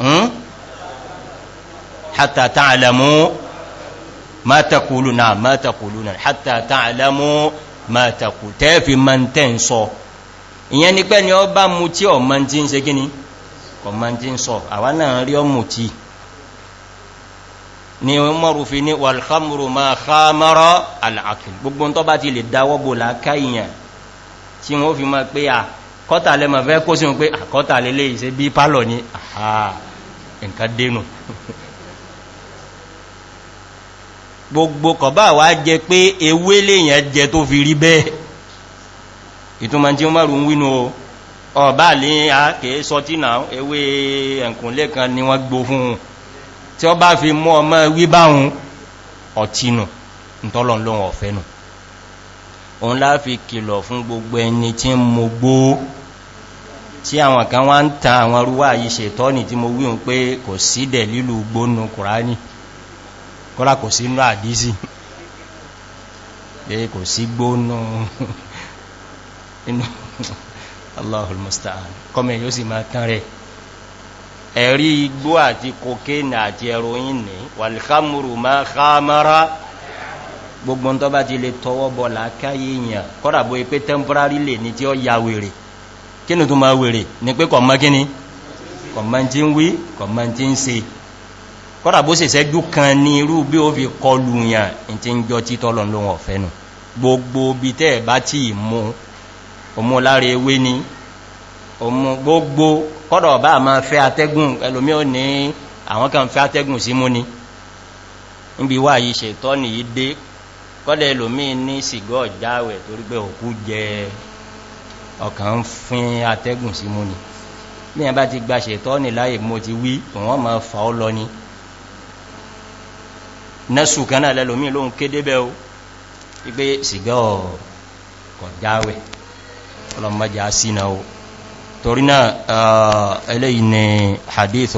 [SPEAKER 1] hmm? hatta ta'lamu ma taqulu na ma taqulu na hatta ta'lamu ma taqu tẹ́ẹ̀fì mọ́ntẹ́ǹsọ ìyẹn ni pé ni ọ bá mú tí ọmọ tí ń se gíní ọmọ tí ń sọ àwa náà rí ọmọ tí ni mọ́rù fi ní wàlhámùrù ma khamara al'akil gbogbo tó bá ti lè dáwọ́bò láká ìyàn tí wọ́n fi máa pé àkọ́ta lẹ́mọ̀ fẹ́ kó sí wọn pé àkọ́ta lélé ìṣẹ́ bí pálọ̀ ní nǹkan dénù gbogbo kọ̀bá wá jẹ pé ewé lèyàn jẹ tó fi rí bẹ́ẹ̀ ìtumọ̀ tí ó márùn ún wínú ọ̀bá lè àkèé sọtínà ewé ẹ̀kùnlé kan ni wọ́n gbó fún un tí ọ bá fi mú ọmọ wíbáhun ọ̀tínù ń tọ́lọ̀ lóhun ọ̀fẹ́nù no òun láàfi kìlọ̀ fún gbogbo ẹni tí ń mo gbó tí àwọn kan wá ń ta àwọn arúwà yìí ṣètọ́ ní tí mo wíhun pé kò sí dẹ̀ lílù gbónú kùránì kọ́lá kò sí nínú àdísì pé kò sí gbónú inú allahulmustaan kọ́mẹ̀ yóò sì máa tán rẹ̀ ẹ̀rí igbó àti kokéènì àti ẹ̀rọ yìí ní wàlìkámùrù máa kámára gbogbo tó bá ti lè tọwọ́ bọ̀ làákáyé èèyàn kọ́dà bó pé temporary lè ní tí ó ya wèrè kí ni tó máa wèrè ní pé kọ̀mọ́ kí ni kọ̀mọ́ tí ń wí kọ̀mọ́ tí ń se kọ́dà bó sì sẹ́jú kan ní irú bí ó fi kọlu yàn ní ti ń jọ títọ́ lọ lóhun ọ̀fẹ́ nù gbogbo bí tẹ́ bá tí mú ọmọ lára ewé ni ọmọ gbogbo kọ́dà ọba máa fẹ́ atẹ́gùn ẹlòmí ní àwọn kan fẹ́ atẹ́gùn sí mú ni níbi wáyìí ṣètọ́ nìyí dé kọ́lẹ̀ ẹlòmíì ní sìgọ́ ìjáwẹ̀ torí pé òkú jẹ ọkàn ń atẹ́gùn sí mú ni ní ẹ̀bá ti gba ṣètọ́ ní láyé mo ti wí wọ́n ma fà ó lọ ni nẹ́sù kan náà lẹ́lòmíì lóhun kéde bẹ́ o wípé sìgọ́ ọ̀jáwẹ̀ ọlọ́mọdé asínà o torí náà eléyìí ni hadith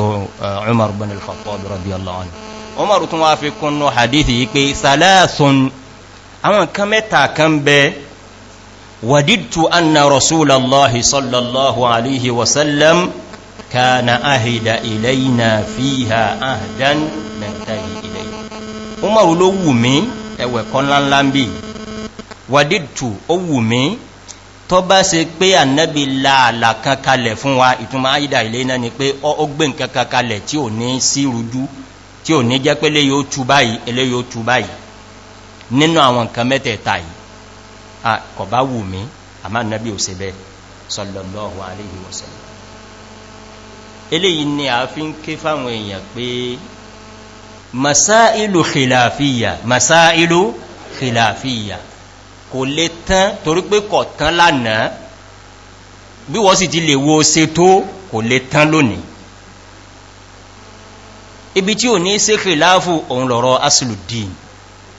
[SPEAKER 1] umar bin al-khattab radiyallahu anhu umar tún wá fi salasun àwọn nǹkan mẹ́ta kan bẹ wàdìtù anna rasulallah sallallahu alaihi wasallam kana ahida ilayna fiha ahdan nantahi ilayna umaru ló wù mí ẹwẹ̀ kan ńláńlá ń bí wàdìtù ó wù mí tó bá se pé ànábi láàlà kan kalẹ̀ fún wa ìtumọ̀ ahida ilayna ni pé ó gbé nǹkan kan kalẹ̀ tí ò ní sí rújú tí ò ní jẹ́ pé lè yóò tú báyìí nínú àwọn nǹkan mẹ́tẹ̀ẹ̀ta yìí kò bá wù mí àmá nàbí ò ṣe bẹ́ẹ̀ sallallahu alayhi wa sallam eléyìí ni a fi ń ké fáwọn èèyàn pé masáìlù khilafiyya masáìlù khilafiyya kò lè tán torí pé kò tán lánàá bí wọ́n sì ti lè wo ṣe tó kò lè tán lónìí ibi tí ò ní ṣe khilafu òun lọ̀rọ̀ asìlù dìí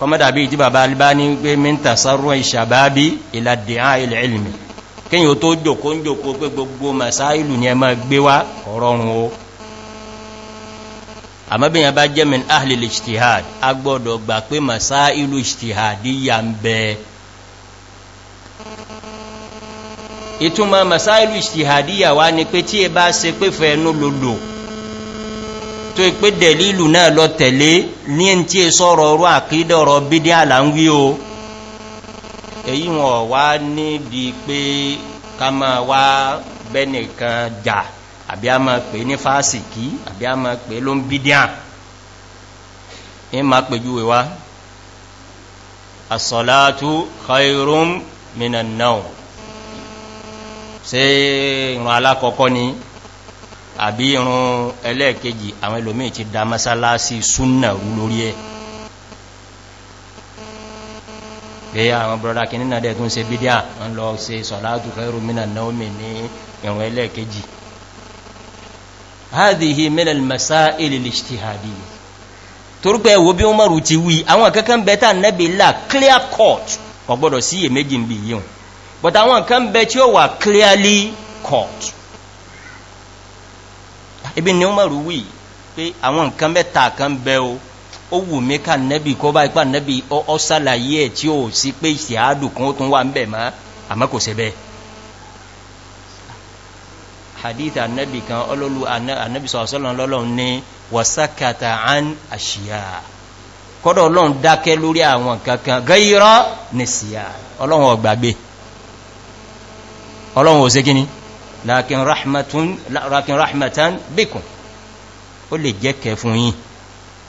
[SPEAKER 1] kọmọ́dàbí ìjí bàbá albá ní pé mínta sáró ìṣàbábí ìlàdìá ilẹ̀ ilmi kíyàn tó jòkó ń jòkó pé gbogbo masáìlù ni ẹ máa gbé wá ọ̀rọ̀run o àmọ́bìyàn bá jẹ́ min ahlil ijtihad a gbọ́dọ̀ gbà pé masáìlù ijtihadi ya ń bẹ ìtumọ̀ masáìlù ijtihadi ya wá ni pé tí ẹ bá se pé fẹ́ lòlò tó pé dẹ̀lílù náà lọ tẹ̀lé ní ẹn tí è sọ́rọ̀ ọrọ̀ àkídọ̀rọ̀ bídí àlàńwí o èyí wọn wá níbi pé ká máa wá bẹ́nìkan jà àbí a máa pè ní fásìkí àbí a máa pè ló ń bídí à ní ṣe ìrùn alákọ̀ọ́kọ́ ni àbí irun ẹlẹ́ẹ̀kejì àwọn ẹlòmíì ti dá mọ́sálásí súnnà rú lórí ẹ pé àwọn brọ́dá kì nínà dẹ̀ tún ṣe bídíà wọ́n lọ ṣe sọ̀látù khairu minan nawmi ní irun ẹlẹ́ẹ̀kejì hadhihi min al-masail al-ijtihadiyya torúpẹ́ wo bí wọ́n mọ̀rù ti wí àwọn kankan bẹ́ta nẹ́bí là clear cut kò gbọ́dọ̀ sí èméjì ń bí yíò but àwọn kan bẹ́ tí ó wà clearly cut ibi ni umar wí pé àwọn nǹkan mẹ́ta kan bẹ o ó wù mí ká nẹ́bì kọ́ bá ipá nẹ́bì ọ́ sàlàyé ẹ̀ tí ó sí pé ìṣẹ́hádù kan ó tún wà ń bẹ̀ mọ́ àmọ́ kò sẹ́bẹ̀ hadith annabi kan ololu annabi sọ̀rọ̀sọ́lọ́ lọ́lọ́run ní wasakata an ashiya. kọ́dọ̀ ọlọ́run dake lórí àwọn kankan gẹ́yìrọ́ nìsíyà ọlọ́run ọ̀gbàgbé ọlọ́run ò sí kíní lakin rahmatun lakin rahmatan bikum ó lè jẹ́ kẹ fún yín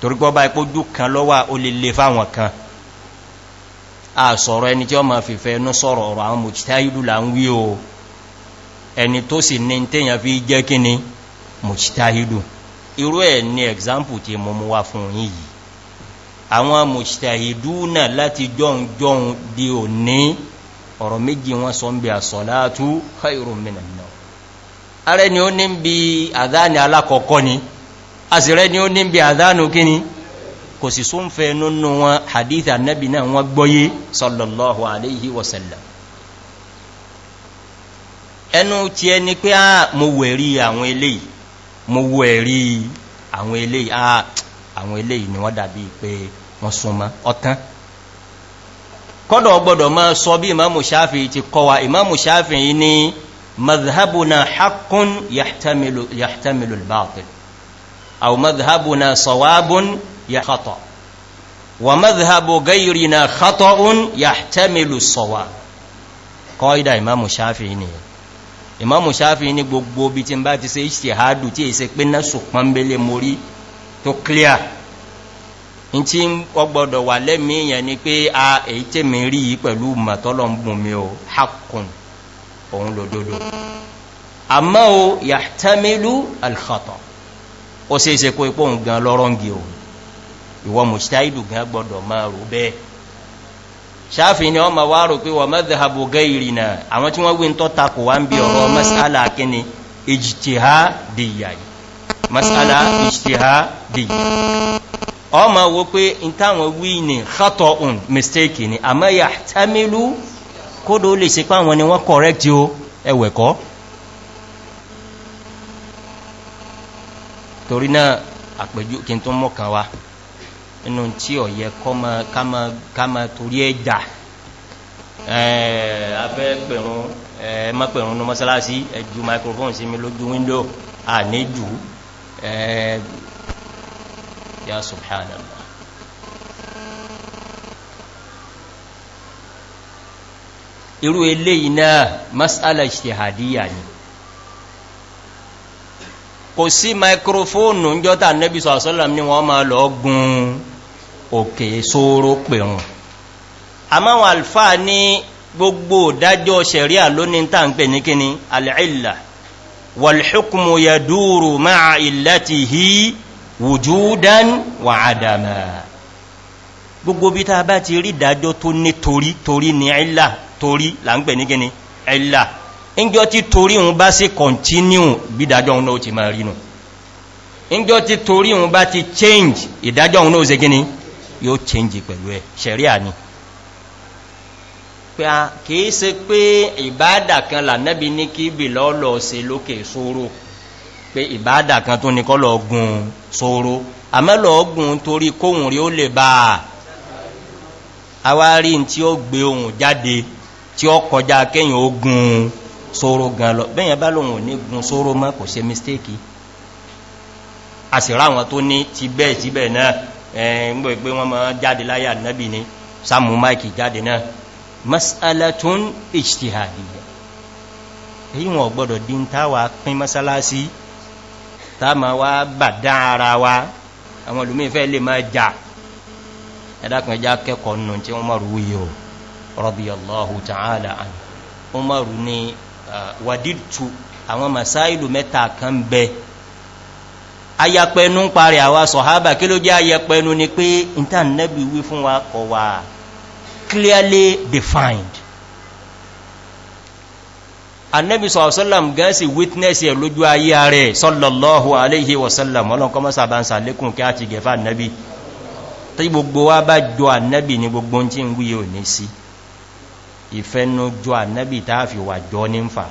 [SPEAKER 1] torípọ́ bá ipò jú kan lọ́wà ó lè lè fáwọn kan a sọ̀rọ̀ ẹni tí ó ma fìfẹ́ ẹnu sọ̀rọ̀ ọ̀rọ̀ àwọn mùsítáìdù là ń wí o ẹni tó sì ní tẹ́yàn fi jẹ́ kí ni mùsítáìdù irú ẹ̀ ní ẹ̀xámpù tí mo mú wá fún yín yìí àwọn mùsítáìdù náà láti jọun jọun di òní ọ̀rọ̀ méjì wọn sọ ń bí àsọ̀látú khairun minan náà ààrẹ ni ó ní ń bi àdáni alákọ̀ọ́kọ́ ni a sì rẹ ni ó ní ń bi àdánù kíni kò sì sún fẹ́ nínú wọn hadith annabi náà wọ́n gbọ́yé sallallahu alayhi wasallam ẹnu tí ẹ ni pé a mo wẹ̀rí àwọn eléyìí mo wẹ̀rí àwọn eléyìí a àwọn eléyìí ni wọ́n dàbí pé wọ́n súnmọ́ ọ̀tán kọ́dọ̀ gbọ́dọ̀ máa sọ bí ìmáàmù sáfì ti kọwa ìmáàmù sáfì ni. مذهبنا حق يحتمل, يحتمل الباطل أو مذهبنا صواب يخطأ ومذهب غيرنا خطأ يحتمل الصواب قايدة إمام الشافعي ìmọ́mù sáfí ní gbogbo bí tí ń bá ti se ìṣẹ̀hádù tí èsẹ pé náà sùpọ̀n belé morí tó clear in tí ó gbọdọ̀ wà lẹ́mí èèyàn ni pé a èyí tèmi rí yìí pẹ̀lú mọ̀tọ́lọ̀ ń bùn mi o hakùn òun lòdòdó àmọ́ o yàtàmílú alkhata ó sì ṣe kó ipò òun gan lọ́rọ̀ǹgì òun ìwọ mùsítáìdù gan gbọdọ̀ máa rò bẹ́ẹ̀ ṣáàfì ni ọmọ wá rò pé wọ́n mẹ́dẹ̀hábò gẹ́ìrì náà àwọn tí wọ́n wí ń tọ́ takò wá ń bí ọ̀rọ̀ masala kíni ìjìtìhá dìyà masala ìjìtìhá dìyà ọmọ wo pé ìtàwọn wí ni khatọ̀ un mistake ni àmọ́ yàtàmílú kódò lè se pàwọn ni wọ́n kọ̀rẹ́kì o ẹwẹ̀kọ́ torí náà àpẹjú kí n tó mọ́kàn wa inú tí ọ̀ yẹ kọ́mọ torí ẹjà afẹ́ pẹ̀rún mọ́pẹ̀rún ní mọ́sálásí ẹjú microphone sí mi lójú window à ní jù ya subhanallah irú eléyìí náà masala ìṣtìhàdíyà ni kò sí maikrofóònù ń jọta nẹ́bí sọ̀sọ́lọ̀m ní wọ́n máa lọ gun òkè sóró pèrùn àmáwọn alfa ní gbogbo dájọ́ sẹ̀ríà lóní tà ń pè ní kíni al'illa walhukumu ya dúró máa ìlàtí hí wùjúdán wà àdàmà gbogbo bí ta bá ti rí dájọ́ tó nítorí torí ní ìlà torí là ń pè ní gíní ẹ̀là ìjọ tí torí òun bá sí continue gbídájọ́ òun náà ti máa rínú ìjọ tí torí òun bá ti change ìdájọ́ òun náà ṣe gíní yóò change pẹ̀lú ẹ̀ ṣẹ̀ríà ni pé a kìí se pé ìbáàdà kan lànẹ́bí ní kí bì lọ́lọ́ se lókè sóró pé ìbáàdà kan tó ní kọ́ lọ gùn sóró àmẹ́lọ ọgùn torí kóhùn rí ó lè bá a wá rí tí ó gbé ohun jáde tí ó kọjá kéyàn ó gun sóró gan lọ bẹ́yàn bá lòun ní gun sóró mọ́ kò se mistake a sì ráwọn tó ní ti bẹ́ẹ̀ ti bẹ́ẹ̀ náà ẹgbẹ́ pé wọ́n mọ́ jáde láyà náàbì ní samu mike jáde náà masalatun ijtihadiyya èyí wọn gbọ́dọ̀ dín táwà pín masalasi tá wá bàdá ara wa àwọn olùmí fẹ́ lè máa jà ẹ̀dàkùn ẹjá kẹ́kọ̀ọ́ nù tí wọ́n mọ̀rú yìí o radiyallahu ta'ala an umaru ni ah, wàdìtù àwọn masailu meta kan bẹ ayapẹnu ń parí àwa sọ̀hábà kí ló jẹ́ ayapẹnu ni pé intanẹ́bì wí fún wa kọ wa clearly defined annabi sallam gan si witness ẹ̀ lójú ayé rẹ̀ sallallahu alaihi wasallam ọlọ́nkọ́ mọ́sá bá ń sàlékún kí a ti gẹ̀fà annabi tí gbogbo wa bá jọ annabi ni gbogbo tí ń wúye ìfẹ́nujọ ànábì tàà fi wà jọ ní ń fà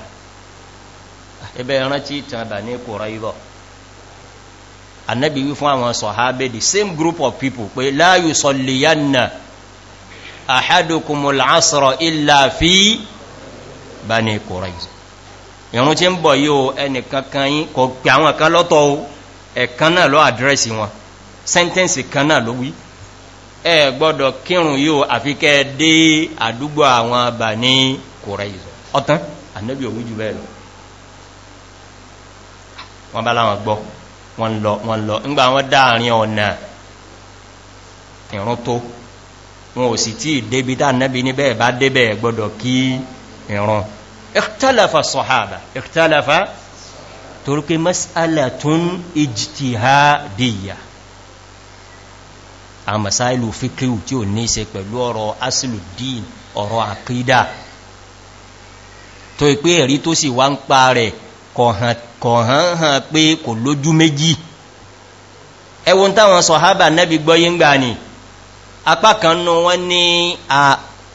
[SPEAKER 1] ẹbẹ̀ rántí ìtànbà ní kòrò ìrọ̀ ànábì wí fún àwọn sọ̀hábẹ̀ the same group of people pé láyù sọlìyànnà àhádùkùnmùl asọ̀rọ̀ ilá fi bá ní kòrò ìrọ̀ ìrún tí ń bọ̀ yíò ẹnìkankan yí kò pẹ àwọn kan lọ́tọ̀ ẹ̀kan náà lọ àdírẹ́sì wọn sẹ́ntẹ́nsì kan náà ló wí ẹ gbọ́dọ̀ kírùn yóò àfi kẹ́ dé àdúgbò àwọn bà ní kòrẹ́ìzọ̀ ọ̀tán ànẹ́bí òwú jù bẹ́ẹ̀ lọ wọ́n bá láwọn gbọ́ wọ́n lọ wọ́n lọ ńgbà wọ́n dáàrin ọ̀nà ìrún tó wọn ò sì tí ìdébi tá ànẹ́bí ní bẹ́ẹ̀ bá débẹ̀ gbọ́dọ̀ kí ìrún ìtàlẹ̀fà sọ̀hábà ìtàlẹ̀fà torí pé mas'alatun ijtihadiyya àmàsáìlù fíkíwù tí ò ní ṣe pẹ̀lú ọ̀rọ̀ asìlù dín ọ̀rọ̀ àkídà tó pé ẹ̀rí tó sì wá ń pa rẹ̀ kọ̀hán hàn pé kò lójú méjì ẹwọ́n táwọn sọ̀hábà nẹ́bí gbọ́yí ń gbà ní apá kan nú wọ́n ní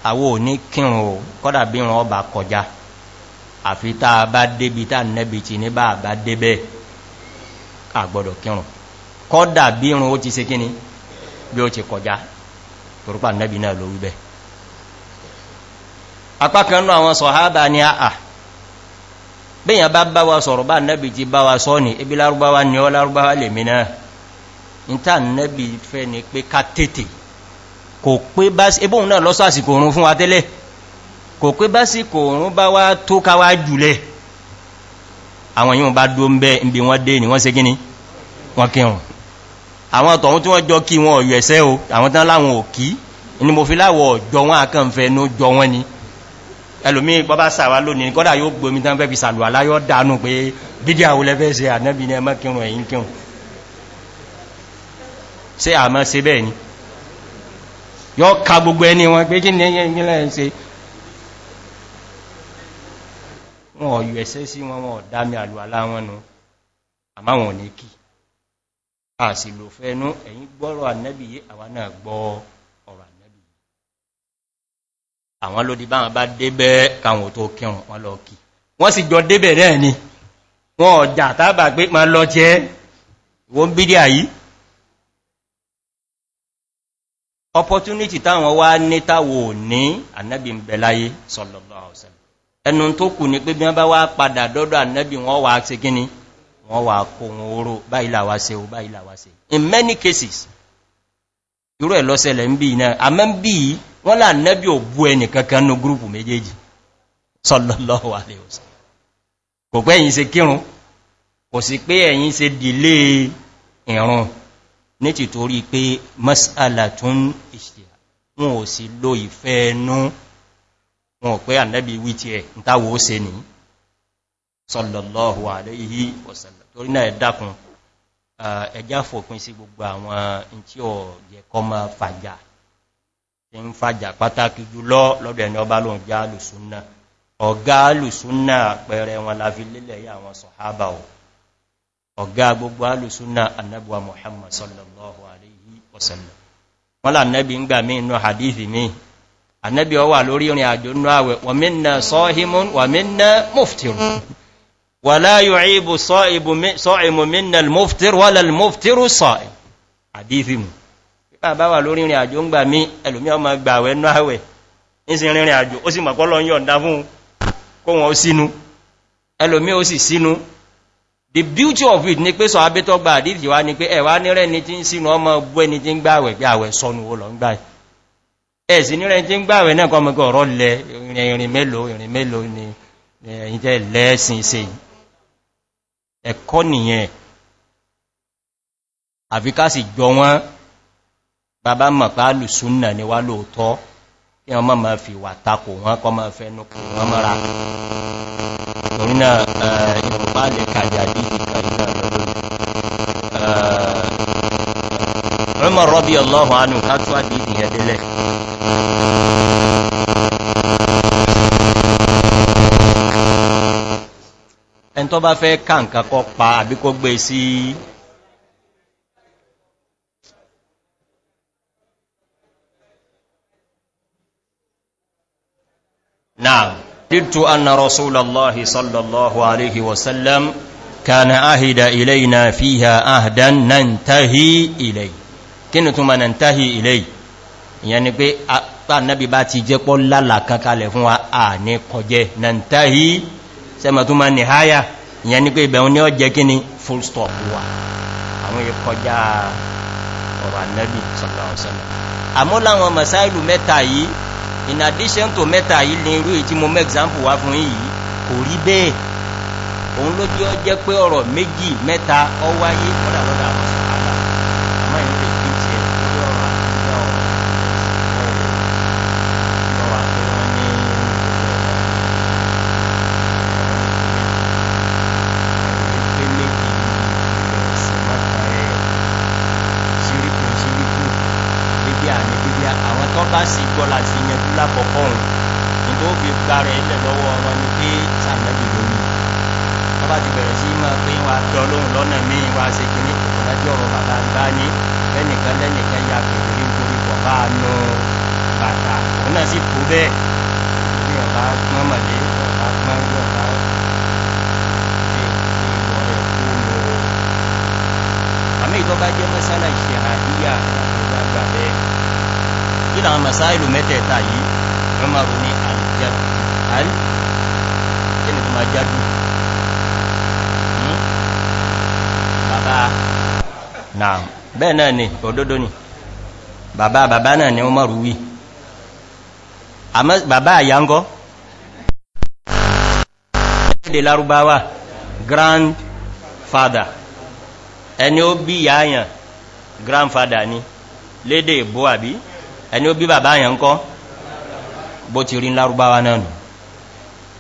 [SPEAKER 1] àwọ̀ òní kírùn ò kọ́dà bí wọn ọba kọjá àfi tá a bá bí ó ti kọjá torúpà nẹ́bì náà ló wíbẹ̀ apákanú àwọn sọ̀hábà ní àà bíyàn bá bá wa sọ̀rọ̀ bá nẹ́bì ti bá wa sọ́ ní ibi lárúbáwá ní ọ lárúbáwá lè mi náà ní tà nẹ́bì fẹ́ ni pé ká tètè kò pé bá sí ebóhun náà lọ́sọ́ àsìkò òrùn fún wa tẹ́lẹ̀ kò pé bá sí kò òrùn bá wá tó káwá jùlẹ̀ àwọn yíò bá dó ń bẹ́ ń wọ́n dé ni wọ́n se gíní wọ́n kírùn àwọn tọ̀hún tí wọ́n jọ kí wọn ọ̀yọ̀ ẹ̀sẹ́ o àwọn tán láwọn òkí inú mo fi láwọ̀ jọ wọn àkànfẹ́ ní jọ wọn ni ẹlòmí bọ́bá sàwà lónìí kọ́dà yóò gbomi tán fẹ́ fi sàlùwà láyọ́ dánú pé bídí àwọlẹ́fẹ́ se ànẹ́bí ní ẹmọ́ kírùn ẹ̀yìn kírùn ṣe ni yọ́ ka gbogbo ẹni wọn pé kí ní ẹgbẹ́lẹ́ ṣe wọn ọ̀yọ̀ àmáwọn ò àsìlò fẹ́nú ẹ̀yìn gbọ́rọ̀ ànẹ́bì yí àwọn náà gbọ́ ọ̀rọ̀ ànẹ́bì yí àwọn lódi báwọn bá débẹ̀ káwọn tó kírùn wọn lọ kí wọ́n sì jọ débẹ̀ rẹ̀ ni wọ́n ọjà tábà pé ma lọ jẹ́ wọ́n bídí àyí opportunity táwọn wá ní táwò ní ànẹ́bì ń bẹ láyé sọ̀lọ̀lọ́ wọ́n wà kó oró báyìí làwà o báyìí làwà in many cases irú ẹ̀ lọ́sẹ̀lẹ̀ ń bí iná àmẹ́ ń bí wọ́n là nẹ́bí ò bú ẹnì kankan ní gúrùpù méjèèjì sọ́lọ́lọ́wà lè ọ̀sán kò pé ẹ̀yìn se kírun kò sí pé ẹ̀yìn se dìlé ìrùn ní ti torí pé masala tún ìṣẹ́ wọn ò sí lo ìfẹ́ ẹnu wọn ò pé ànẹ́bí wí ti ẹ̀ ń táwọ̀ ó se ní sọ́lọ́lọ́wà lè yí ọ̀sán torí náà ẹ̀dàkùn ẹjá fòpin sí gbogbo àwọn tí ó yẹ kọ́ ma fàjà tí ń fàjà pàtàkì jùlọ lọ́dọ̀ ẹni ọba lóun já lùsúnnà ọ̀gá lùsúnnà pẹ̀rẹ wọn la fi lélẹ̀ yà wọn sọ̀hábà ò ọ̀gá gbogbo alùsúnnà annabuwa muhammad sallallahu alaihi wasallam wọ́n là nẹ́bí ń gbà mí inú hadithi mi annabi ọwà lórí ìrìn àjò náà wẹ̀ wàmínà sọ́hímún wàmínà muftirun wàlá yọ̀íbù sọ́ìmù mínal muftir wàlá muftiru sọ́ìm àdífìmù bàbá wà lórí rìn àjò ń gbà mí ẹlòmí ọmọ gbà àwẹ̀ ẹnu àwẹ̀ ní sí rìnrìn àjò ó sì mọ̀kọ́lọ ń yọ̀nda fún kó wọn ó sínú ẹlòmí ó sì sínú the beauty of it ni pé sọ abétọ́ gba àdífì wá ni pé ẹ̀wà nírẹ́ ni ti ń sínú ọmọ bú ẹni ti ń gbà àwẹ̀ bí àwẹ̀ sọnù ó lọ ń gbà ẹ̀ nírẹ́ ti ń gbà àwẹ̀ náà kọ́ mọ́kọ́ ọ̀rọ̀ lẹ ìrìn mélòó ìrìn mélòó ni ẹ̀yìn tẹ́ lẹ́ẹ̀sìn ìsẹ̀yìn ẹ̀kọ́ nìyẹn àfikásì jọ wọ́n bàbá mọ̀pá lùsúnnà ni wá lóòtọ́ kí wọ́n máa fi wà takò wọ́n kọ́ máa fẹ́nu kò wọ́n mọ́ra torínà ìrùpá eh, lè kàjà bí ìkà ìkà rẹ̀ tó bá fẹ́ ká nǹkan kọ pa àbí kó gbé sí náà dìtò anna rasulallahi sallallahu alaihi wasallam kana ahida ilaina fiha ahdan nan tahi ilai kínú tún ma nan tahi ilai ìyẹn pé annabi bá ti jẹ́ pọ́ lálàkankalẹ̀ fún wa a ní kọjẹ́ nan tahi sẹ́mà tó ma ní ìyẹn ni pé ìbẹ̀un ní ọ jẹ́ kí ni full stop wà àwọn ìkọjá ọ̀rọ̀ anẹ́bì sọ̀lọ̀ọ̀sọ̀lọ̀ àmọ́ láwọn masáìlù mẹ́ta yìí in addition to mẹ́ta yìí lè rú ètí mo mẹ́example wá fún yìí kò rí bẹ́ẹ̀ òun ló jẹ́ pé ọ̀rọ̀ méjì mẹ́ta ọwáyé kọ́dà àwọn tọ́ bá sì gbọ́ láti yanjú lákọ̀ọ́kọ́ òun ní tó fi gbára ilẹ̀ lọ́wọ́ ọmọ ni pé sàmẹ́bì lórí wọ́n bá ti bẹ̀rẹ̀ sí máa pé wọ́n adọ́ lóhùn lọ́nà míì wọ́n ṣe kìíní ìtọ́jú ọ̀rọ̀ bàbá bá ní lẹ́nìkan lẹ́nìkan ya kìíní nítorí kọ̀ bá a nu bàtà òun náà sì kú bẹ́ẹ̀ ní ọ̀bá pọ́n ọ̀bá pọ́n ọ̀bá àmì ìtọ́ bá jẹ́ mọ́sálà ìṣẹ̀hàdíyà àti ìgbàgbà bẹ́ẹ̀ kí làwọn masáìlù mẹ́tẹ̀ẹ̀ta yìí Umaru ní aljadu al kí ni tó máa jádù bàbá náà bẹ́ẹ̀ náà ni òdodo ni bàbá bàbá náà ni Umaru wí bàbá àyángọ́ èdè Lárúbáwá grandfather ẹni ó bí yáyàn grandfather ni lédè ìbò àbí ẹni ó bí bàbá yẹn ń kọ́ bó ti rí lárúbáwá náà nù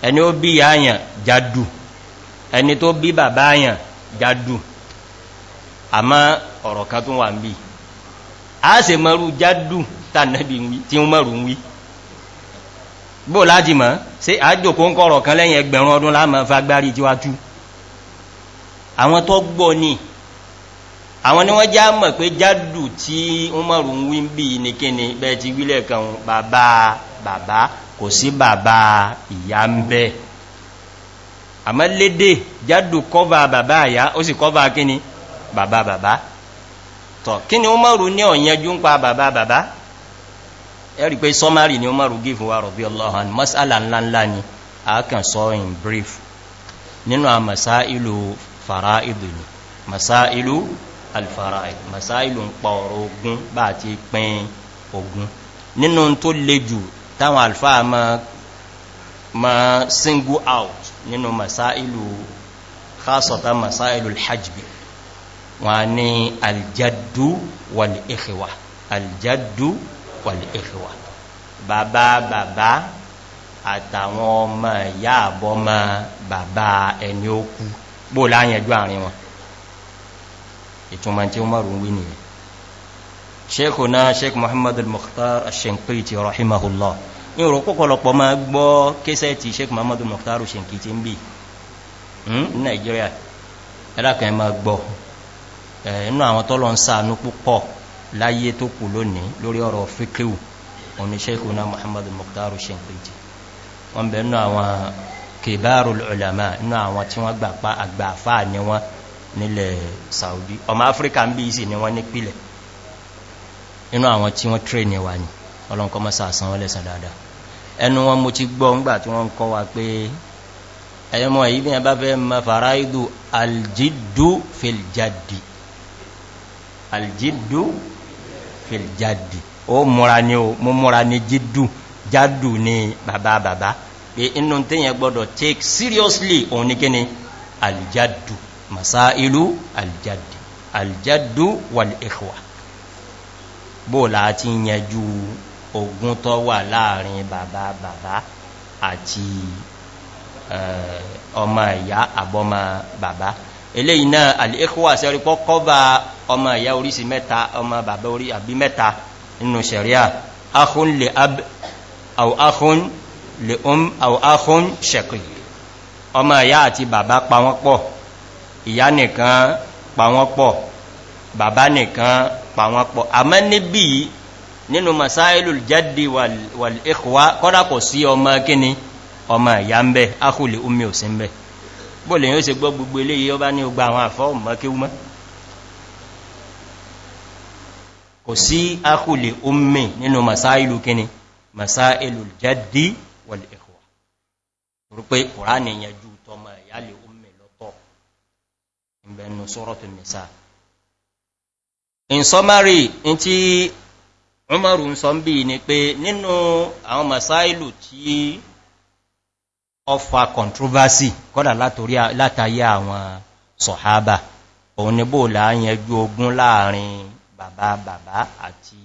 [SPEAKER 1] ẹni ó bí ìyá yẹn jádù ẹni tó bí bàbá yẹn jádù àmá ọ̀rọ̀ kan tún wà ń bí a se mọ́rú jádù tànàbí tí ó mọ́rú ń wí bó láti mọ́ sí àjòkó ń kọ̀rọ̀ kan lẹ́yìn ẹgbẹ̀rún ọdún láàmọ́ fagbárí tí wá tú àwọn tó gbọ́ ni àwọn ni wọ́n já mọ̀ pé jádù tí wọ́n mọ̀rún wí ń bí ní kíni bẹ́ẹ̀ ti wílẹ̀ kan bàbá bàbá kò sí bàbá ìyá ń bẹ́ àmọ́ lédè jádù kọ́bà bàbá àyá ó sì kọ́bà kíni bàbá bàbá tọ̀ kíni wọ́n mọ̀rún ní ọ̀yẹnjú ń pa bàbá bàbá ẹ̀rí pé sọ́márì ni wọ́n mọ̀rún gífún wa rọ̀bí ọlọ́hàn mọ́sálà ńláńlá ni a kàn sọ in brief nínú àmàsá ìlú fara ìdùnnú masá ìlú alfaraid masailu ń pa ọ̀rọ̀ ogun bá ti pín ogun nínú tó le jù alfa ma ma single out nínú masailu khasata masailu alhajbi wọn ni aljaddu wal ikhiwa aljaddu wal ikhiwa bàbá bàbá àtàwọn ọmọ ìyá àbọ́mọ bàbá ẹni ó kú gbò láyẹjú àrin wọn ìtumọ̀ tí ó márùn ún wí nìyẹn ṣeéhù náà sheik mohamed al-mukhtar al-shankiti rahimahullah hmm, ní òrò pọ́pọ̀lọpọ̀ ma gbọ́ kéṣẹ́ ti sheik mohamed al-mukhtar al-shankiti ń bí ní nigeria ẹlákan ẹ ma gbọ́ inú àwọn tọ́lọ ń sàánú púpọ̀ láyé tó kù lónìí lórí ọ̀rọ̀ fíkíwù òní sheik náà mohamed al-mukhtar al wọ́n bẹ̀ inú àwọn kìbárùl-ulama inú àwọn tí wọ́n gbà pa àgbà àfáà ni wọ́n nílẹ̀ saudi ọmọ afirka ń bí ìsì ni wọ́n nípìlẹ̀ inú àwọn tí wọ́n tré ní wà ní ọlọ́nkọ́ mọ́sá àsán wọ́n lẹ́sàn dáadáa ẹnu wọn mo ti gbọ́ ńgbà tí wọ́n ń kọ́ wa pé ẹ̀yẹmọ̀ èyí bí i bá fẹ́ mọ́ faraidu aljidu filjadi aljidu filjadi ó múra ní o mú múra ní jidu jadu ní bàbá bàbá pé inú tẹ́yẹn gbọ́dọ̀ take seriously òun ní kíni aljadu masailu aljaddu aljaddu wal ikhwa bó láti yẹjú ogun tó wà láàrin bàbá bàbá àti eh, ọmọ ìyá àbọ́mọ bàbá eléyìí náà al-ikhwa sẹ́rí pọ́kọ́ bá ọmọ ìyá orísìí mẹ́ta ọmọ bàbá orí àbí mẹ́ta nínú sẹ̀ríà akhun lè ab au akhun lè um au akhun shaqiq ọmọ ìyá àti bàbá pa wọ́n pọ̀ ìyá nìkan pa wọ́n pọ̀ bàbá nìkan pa wọ́n pọ̀ àmọ́ níbí nínú masáìlù jáde wàlẹ́kọ̀wá kọ́dà kò sí ọmọ kíni ọmọ ìyá ń bẹ́ ákùlé omi ò sí ń bẹ́ bóòlù yóò se gbọ́ gbogbo eléyìí ọba ní ogba àwọn àfọ́ ọmọ kí wọ́n kò sí ákùlé omi nínú masáìlù kíni masáìlù jáde wàlẹ́kọ̀wá rú pé kùránì yẹn ìbẹ̀nu sọ́rọ̀tù nìsá in summary in ti umaru n sọ ń bí ni pé nínú àwọn masailu tí ọfà controversy kọ́dà látàyé àwọn sọ̀hábà òun ni bóòlà yẹnjú ogun láàrin bàbá bàbá àti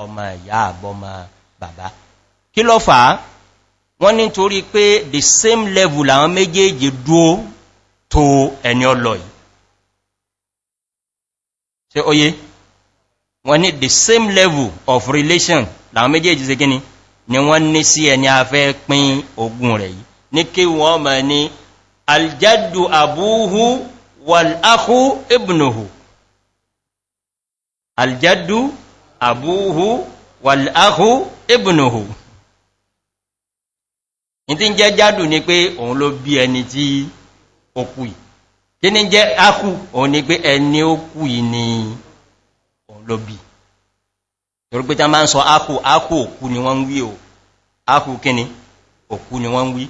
[SPEAKER 1] ọmọ ìyá àbọ́mọ bàbá kí lọ fàá wọ́n ní pé the same level àwọn méjèèjì dúó to ẹni ọlọ́yìí ṣe oye wọ́n ní the same level of relation láwọn méjèèjì sí gíní ni wọ́n ní sí ẹni a fẹ́ pín ogun rẹ̀ yìí ní kí wọ́n mọ̀ ní aljadu abúhu wal'akú ibnuhu aljadu abúhu wal'akú ibnuhu ní tí ń jẹ́ jádù ní pé òun ló bí ẹni tí ó kú yìí kí ní jẹ́ ákù òun ni pé ẹni ó kù ìní òun ló bí torí pé tán máa ń sọ ákù ákù òkú ni wọ́n ń wí o ákù kíni òkú ni wọ́n ń wí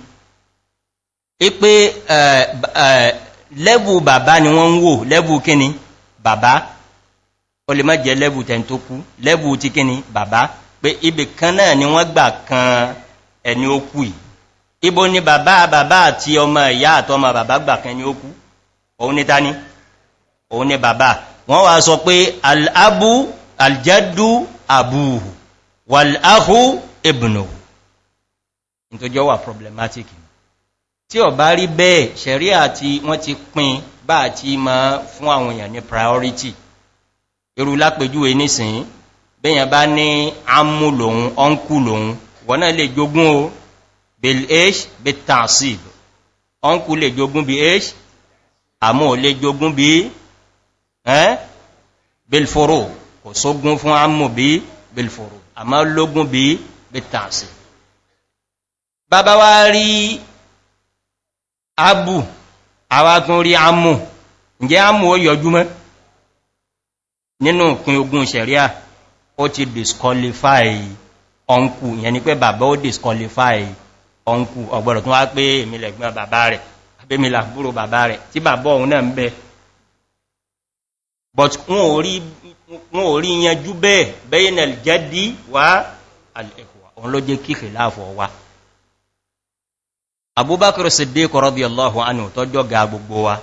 [SPEAKER 1] ipé lẹ́bù bàbá ni wọ́n ń wò lẹ́bù kíni bàbá o lè má jẹ lẹ́bù tẹ́ tó kú lẹ́bù ti kíni bàbá pé ibì kan náà ni wọ́n gbà kan ẹni ó kù yìí ibo ni bàbá bàbá àti ọmọ ìyá àtọmọ bàbá gbà kan ni ó kú òun ni tani òun ni bàbá wọ́n wá sọ pé al'abu aljadu abu, wal'ahu ibnu tó jọ wà problematic tí ọ̀bá rí bẹ́ẹ̀ ṣẹ̀rí àti wọ́n ti pin bá àti ma fún àwọn èèyàn ní priority irú lápẹjúwe nísìn bẹ́yàn bá ní ámú lòun ọ́nkú lòun wọ́n náà lè jogún o bil h bil tansib ọ́nkú lè jogún bil h àmú ò lè bí ẹ́ belforo kò sógún fún àmú bí belforo àmá lógún bí betansi bàbá wá rí abu awátún rí àmú ǹjẹ́ àmú ó yọjú mẹ́ nínú òpin ogun sẹ̀ríà ó ti disqualify ọ̀nkù ìyẹn ni bàbá ó disqualify ọ̀nkù ọ̀gbọ̀rọ̀ tún wá pé èmìlẹ̀gbọ́n bàbá rẹ̀ gbémi làbúrò bàbá rẹ̀ tí bàbá òun náà ń bẹ but wọn ò rí yanjú bẹ́ẹ̀ bẹ́yìn aljadi wá alẹ́kọ̀ọ́ òun ló jẹ́ kíkẹ̀ láàfọ̀ wa abubakar sidde kọ̀rọ̀dì allahu anu tọ́jọ́ ga gbogbo wa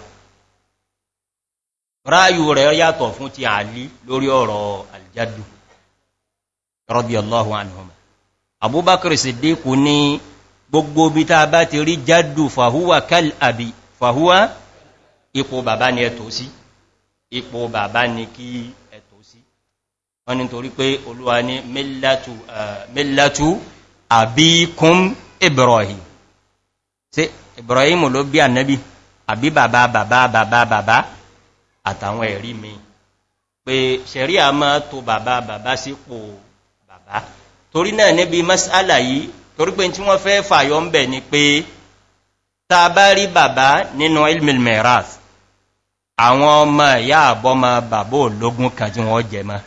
[SPEAKER 1] ráyù rẹ̀ yàtọ̀ fún ti àlí lórí ọ̀rọ̀ aljadu kọ̀rọ̀dì allahu anu abubakar sidde kú ní gbogbo bí ta bá ti rí jádù fàhúwà kal àbí fàhúwà ipò bàbá ni ẹ̀tọ́ sí ipò bàbá ni kí ẹ̀tọ́ sí wọ́n ni torí pé olúwa ní mílátù àbí kún ibrahim sí ibrahim ló bí ànẹ́bí àbí bàbá bàbá bàbá bàbá àtàwọn ẹ̀rí mi pé ṣẹ̀rí a máa tó bàbá bàbá sípò bàbá torí náà níbi masala yìí torí pé tí wọ́n fẹ́ fàyọ ń bẹ̀ ni pé ta bá rí bàbá nínú ilmil meras àwọn ọmọ ìyá àbọ́mọ bàbá ológun kan tí wọ́n jẹ mọ́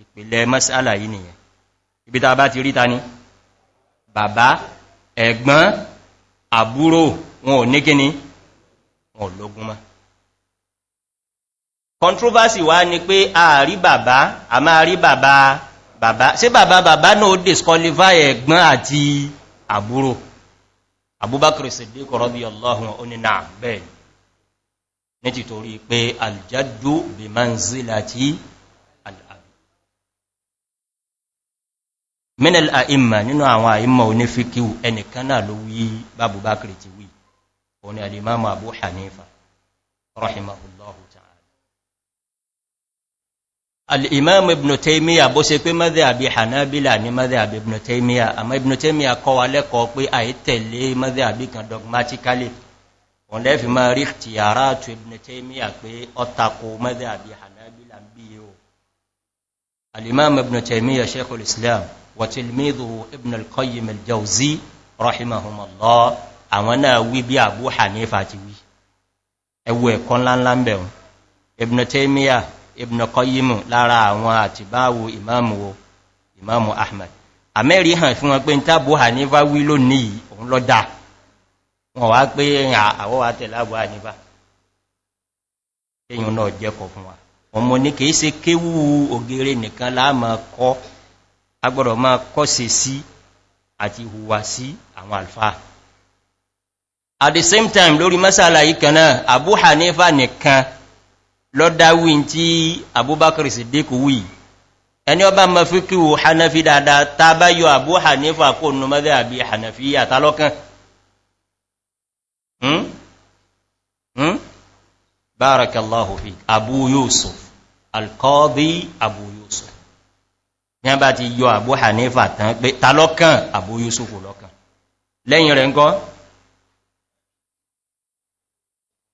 [SPEAKER 1] ìpìlẹ̀ mọ́sálà yìí nìyẹn ibi ta bá ti rí ta ní bàbá ẹ̀gbọ́n àbúrò wọn ò ní wọn ológun mọ́ controversy wá ni pé ààrí bàbá a máa rí bàbá bàbá sí bàbá bàbá náà disqualify ẹ̀gbọ́n àti àbúrò abúbákìrì sèdè kọ̀rọ̀bí ọlọ́run onínà bẹ́ẹ̀ ní ti torí pé aljádó bí máa ń zí láti al'adu minal a'imma nínú àwọn a'imma onífíkíw ẹnìkan náà ló wí bábúbákìrì ti wí òní alìmáàmù al'imam ibn taimiyya bó se pé mọ́dẹ̀ àbí hanabila ní mọ́dẹ̀ àbí ibn taimiyya àmọ́ ibn taimiyya kọ́ wa lẹ́kọ̀ọ́ pé a yí tẹ̀lé mọ́dẹ̀ àbí kan dogmatically wọ́n lẹ́fì máa rí ti yàrá tó ibn taimiyya pé ọ́tako mọ́dẹ̀ àbí hanabila ń bí yíò al'imam ibn taimiyya sheikhul islam wa tilmidu ibn al-qayyim al-jauzi rahimahumallah àwọn náà wí bí abu hanifa ti wí ẹwọ ẹ̀kọ́ ńláńlá ń bẹ̀rún ibn taimiyya ibn Qayyimu lára àwọn àtibáwò ìmáàmù ìmáàmù Ahmad àmẹ́rí hàn fún wọn pé ń tábò Hanifa wí lónìí òun lọ dáa wọn wá pé àwọ́ wa tẹ̀lé Abu Hanifa èyàn náà jẹ́kọ̀ fún wa ọmọ ní kìí ṣe kéwú ògèrè nìkan láàmà kọ́ agbọ́dọ̀ máa kọ́ se sí àti hùwà sí àwọn alfa at the same time lórí masala yìí kan Abu Hanifa nìkan lọ́dáwí tí abubakar sidiku wí ẹni ọba mafikiwu hanafi dada ta bá yọ abu hanifa kó nù mọ́dẹ̀ àbí hanafi àtàlọ́kàn hmm? hmm? bárakallahu fi abu yusuf alkọ́bí abu yusuf ní a bá ti yọ abu hanifa tán pé talọ́kàn abu yusuf lọ́kàn lẹ́yìn rẹ̀ ń kọ́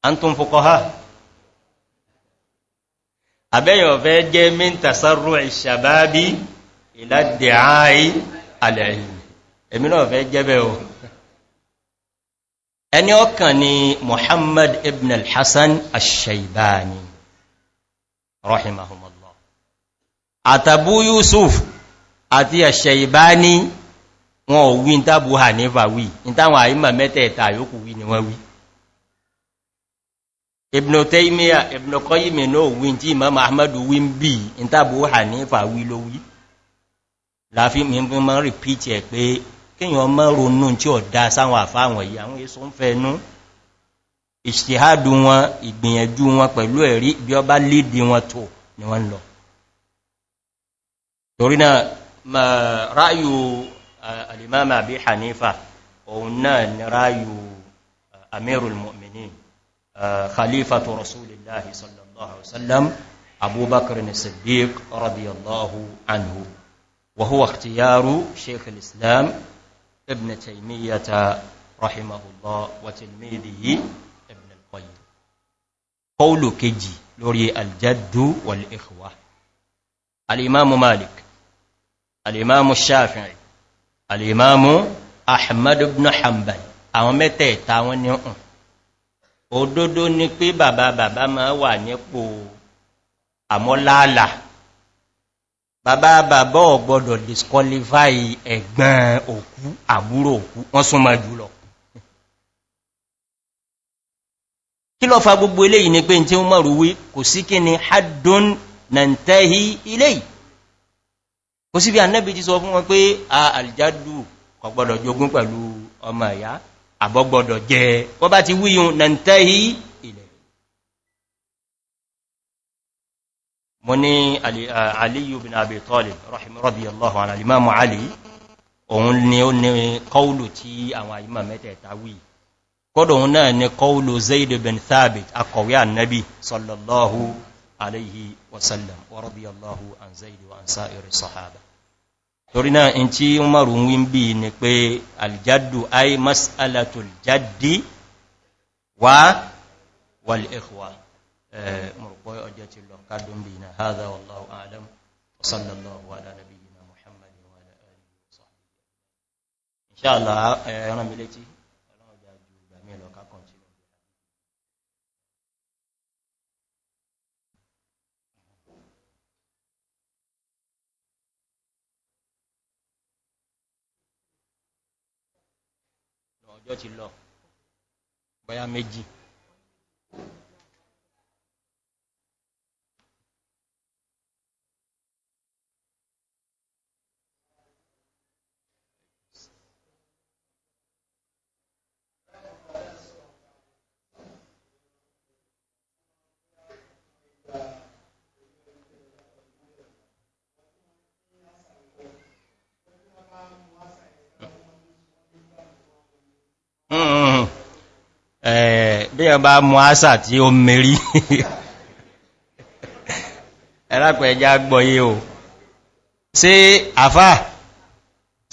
[SPEAKER 1] an tún fukọ́ ha àbẹ́yàn fẹ́ jẹ́ míntasarru ìṣàbábí ìlàdì àáyí alẹ́yìn èmi náà fẹ́ jẹ́bẹ̀ o ẹni ọkàn ni muhammad ibn al-hassan al-shaibani rahimahumallah àtàbú yusuf àti al-shaibani wọn ò wí ní tàbú hanifa wí ní táwọn àìmà mẹ́tẹ̀ẹ̀ta yóò kú wí ni wọ́n wí ibnu taimiyya ibnu kọ́yìmì náà wí tí imam ahmadu wí ń bí ìtàbí ó hà ní fàwí ló wí láàfí mímọ̀ mọ́ rìpítì ẹ̀ pé kíyàn mọ́ ronú tí ó dá sáwọn àfáwọn yìí àwọn èso ń fẹ́nu ìṣìhádù wọn ìgbìyànjú wọn pẹ̀lú ẹ̀rí bí ọ bá lédi wọn tó ni wọ́n lọ torí náà ráyù alimami àbí hanifa òun náà ni ráyù amirul mu'minin khalifatu rasulillahi sallallahu alaihi wasallam abubakar ni siddiq radiyallahu anhu wa huwa ikhtiyaru sheikh al-islam ibn taymiyyah rahimahullah wa tilmidihi ibn al-qayyim qawlu keji lori al-jaddu wal ikhwa al-imam malik al-imam shafi'i al-imam ahmad ibn hanbal awon mete ta won ni òdodo ni pé bàbá bàbá máa wà nípò àmọ́láàlà bàbá bàbá ọ̀gbọ́dọ̀ disqualify ẹ̀gbọ́n òkú àbúrò òkú wọ́n súnmọ́ jùlọ kí lọ fa gbogbo eléyìí ni pé tí ó mọ̀rù wí kò sí kí ni haddon na ń tẹ́hí iléyìí kò sí bí anẹ́bí ti sọ fún wọn pé a aljadu kọ̀gbọ́dọ̀ jogun pẹ̀lú ọmọ ìyá àbọ́gbọ́dọ̀ jẹ wọ́n bá ti wíyùn na ń tẹ́hí ilẹ̀ mọ́ ní aliyubin abitoli radiyallahu ala imamu ali òun ni ó ní kọlù tí àwọn àyíma mẹ́tẹ̀ẹ̀ta wí kọ́dọ̀ òun náà ni kọlù zaid bin thabit akọ̀wé annabi sallallahu alayhi wasallam wa radiyallahu an zaid an sa'iri sahaba torí náà in tí wọ́n mọ̀rù ń wín bí ni pé aljaddu ay masalatul jaddi wa wal ikhwa mọ̀rùpọ̀ ọjọ́ ti lọ kádùn bí na haza wallahu alam sallallahu ala nabi na muhammadu wa ala alihi wa ọjọ́ ti lọ bọ́yá méjì bí i ọba mú àṣà tí ó mẹ́rí ẹ̀rápẹ̀ ẹja gbọ́yé o ṣe àfá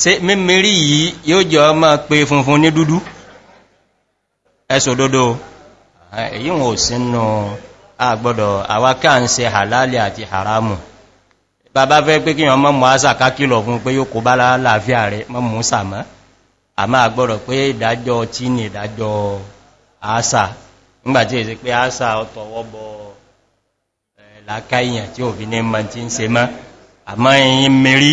[SPEAKER 1] ṣe mímẹ́rí yìí yóò jọ ọmọ pé funfun ní dúdú ẹsòdodo èyí wọn ò sínú àgbọ́dọ̀ àwákà ń se halali àti haramu bàbá fẹ́ pé kí wọn mọ́ mọ́ àṣà kákìlọ̀ fún pé yóò kó bá láàáfíà rẹ̀ mọ́ mú àgbọ́dọ̀ pé ìdájọ́ tí ní ìdájọ́ àásà ńgbàtí èsì pé àásà ọ̀tọ̀wọ́bọ̀ làkáyìyàn tí òfin ní ma ti ń se mọ́ àmọ́ ẹ̀yìn mẹ́rí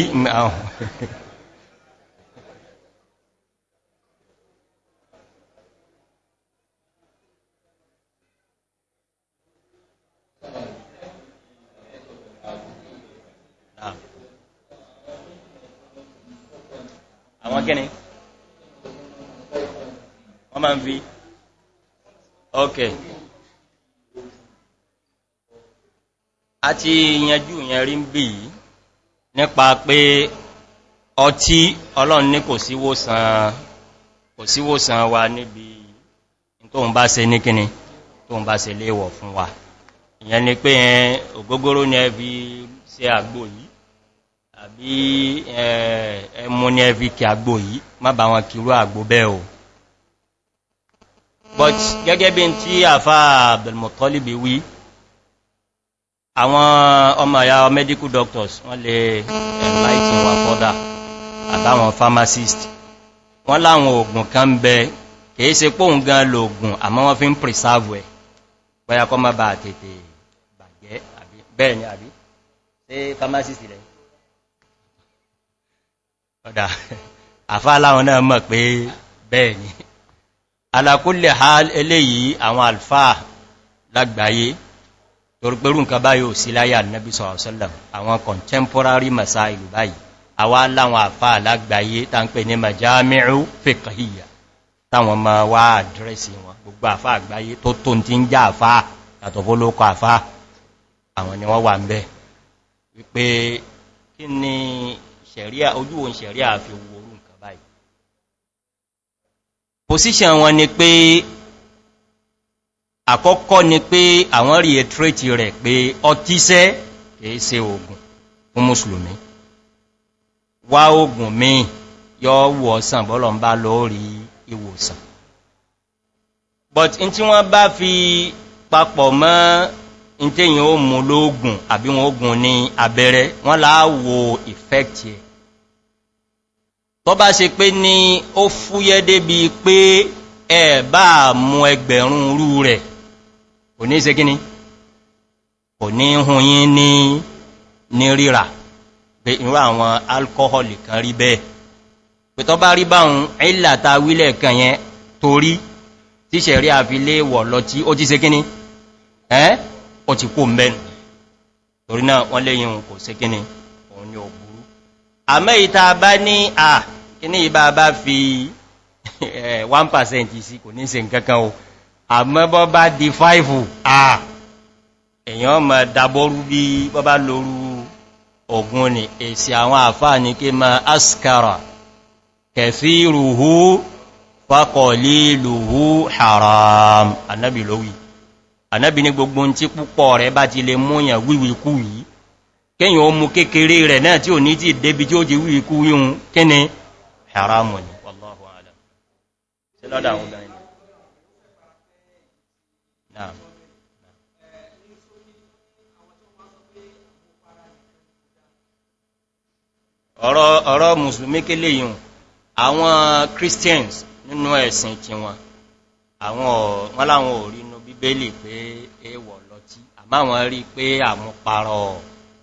[SPEAKER 1] àwọn gẹ́ni wọ́n máa ń fi ok a ti yanjú yẹn rí ń bí yìí nípa pé ọtí ọlọ́run ní kò síwòsàn wa níbi tóun bá se ní kíni tóun bá se léèwọ̀ fún wa ìyẹn ni pé ògógóró ní ẹbí sí àgbò yìí àbí ẹmú ní ẹbí kí àgbò yìí má bá wọn kìrú àgbò bẹ́ẹ̀ o but gẹ́gẹ́ bí n tí àfá abdulmutalibi wí àwọn ọmọ àyà medical doctors wọ́n lè enlighten wa fọ́dá àtàwọn pharmacist wọ́n láwọn ògùn kan bẹ kìí se pòun gan lògùn àmọ́ wọ́n fi ń preserve ẹ̀ bọ́yá kọ́ má bá tètè bàjẹ́ bẹ́ẹ̀ ni àbí ṣe pharmacist rẹ̀ ọ̀dà àfá láwọn náà mọ̀ pé bẹ́ẹ̀ ni alákólẹ̀ eléyìí àwọn alfáà lágbàáyé torípérú nǹkan báyìí ò sí láyà nẹ́bí sọ̀rọ̀sọ́lọ̀ àwọn contemporary masa ìlú báyìí àwá láwọn àfáà lágbàáyé ta ń pè ní majamiru fèkàíyà táwọn ma wá àdírẹ́sì wọn gbogbo àfáà àgbáyé tó tó ti ń já àfáà àtọ̀fólókọ àfáà àwọn ni wọ́n wà ń bẹ́ wípé kí ni ojú òun fi w position wọn ni pé àkọ́kọ́ ni pé àwọn rí ẹ̀tírẹ́tì rẹ̀ pé ọtíṣẹ́ kìí se ogun fún musulmi wá ogun míì yọ wù ọ̀sán bọ́lọ̀ ń bá lórí ìwòsàn but in tí wọ́n bá fi papọ̀ mọ́ in tí yíò mú lóògùn àbí wọn ogun ní abẹ́rẹ́ wọ́n láàwò effect yẹ tó bá ṣe pé ní ó fúyẹ́ débi pé ẹ bá mú ẹgbẹ̀rún rú rẹ̀ kò ní ṣe kíní kò ní hun yín ní ní ríra pé irú àwọn alkọ́họ̀lì kan rí bẹ́ẹ̀ pé tó bá rí báhun ìlàta wílẹ̀ kan yẹn torí tí ṣẹ̀rí àfilé wọ̀ lọ tí ó ti ṣe kíní ẹ́ ó ti kó mẹ́rin torí náà wọ́n lẹ́yìn kò ṣe kíní òun ni ò àmẹ́ ìta bá ní à kíní ìbá bá fi 1% eh, sí kò ní ṣe nkankan o àmẹ́bọ́ bá di 5 à èyàn mọ̀ dábọ́rú bí bọ́bá lórú ogun ni èsì àwọn àfáà ní kí ma askara kẹfíruhu fakọ̀líluhu haram anábi lówí anábi ní gbogbo tí púpọ̀ rẹ̀ bá ti lè múyàn wíwíkú yìí kéyàn ọmọ kékeré rẹ̀ náà tí ò ní tí débi tí ó ti wí ikú yíun kí haramu ni wallahu alam ṣe lọ́dà àwọn obìnrin náà ọ̀rọ̀ musulmi kélé yíun àwọn christians nínú ẹ̀sìn tí wọn àwọn wọ́n láwọn ò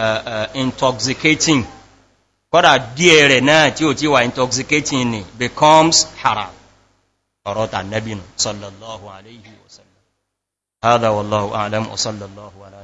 [SPEAKER 1] Eh, eh, intoxicating kọ́dà díẹ̀ rẹ̀ náà tí ó ti wà intoxicating ni becomes haram ọ̀rọ̀ tàbí nù sallallahu alaihi sallam.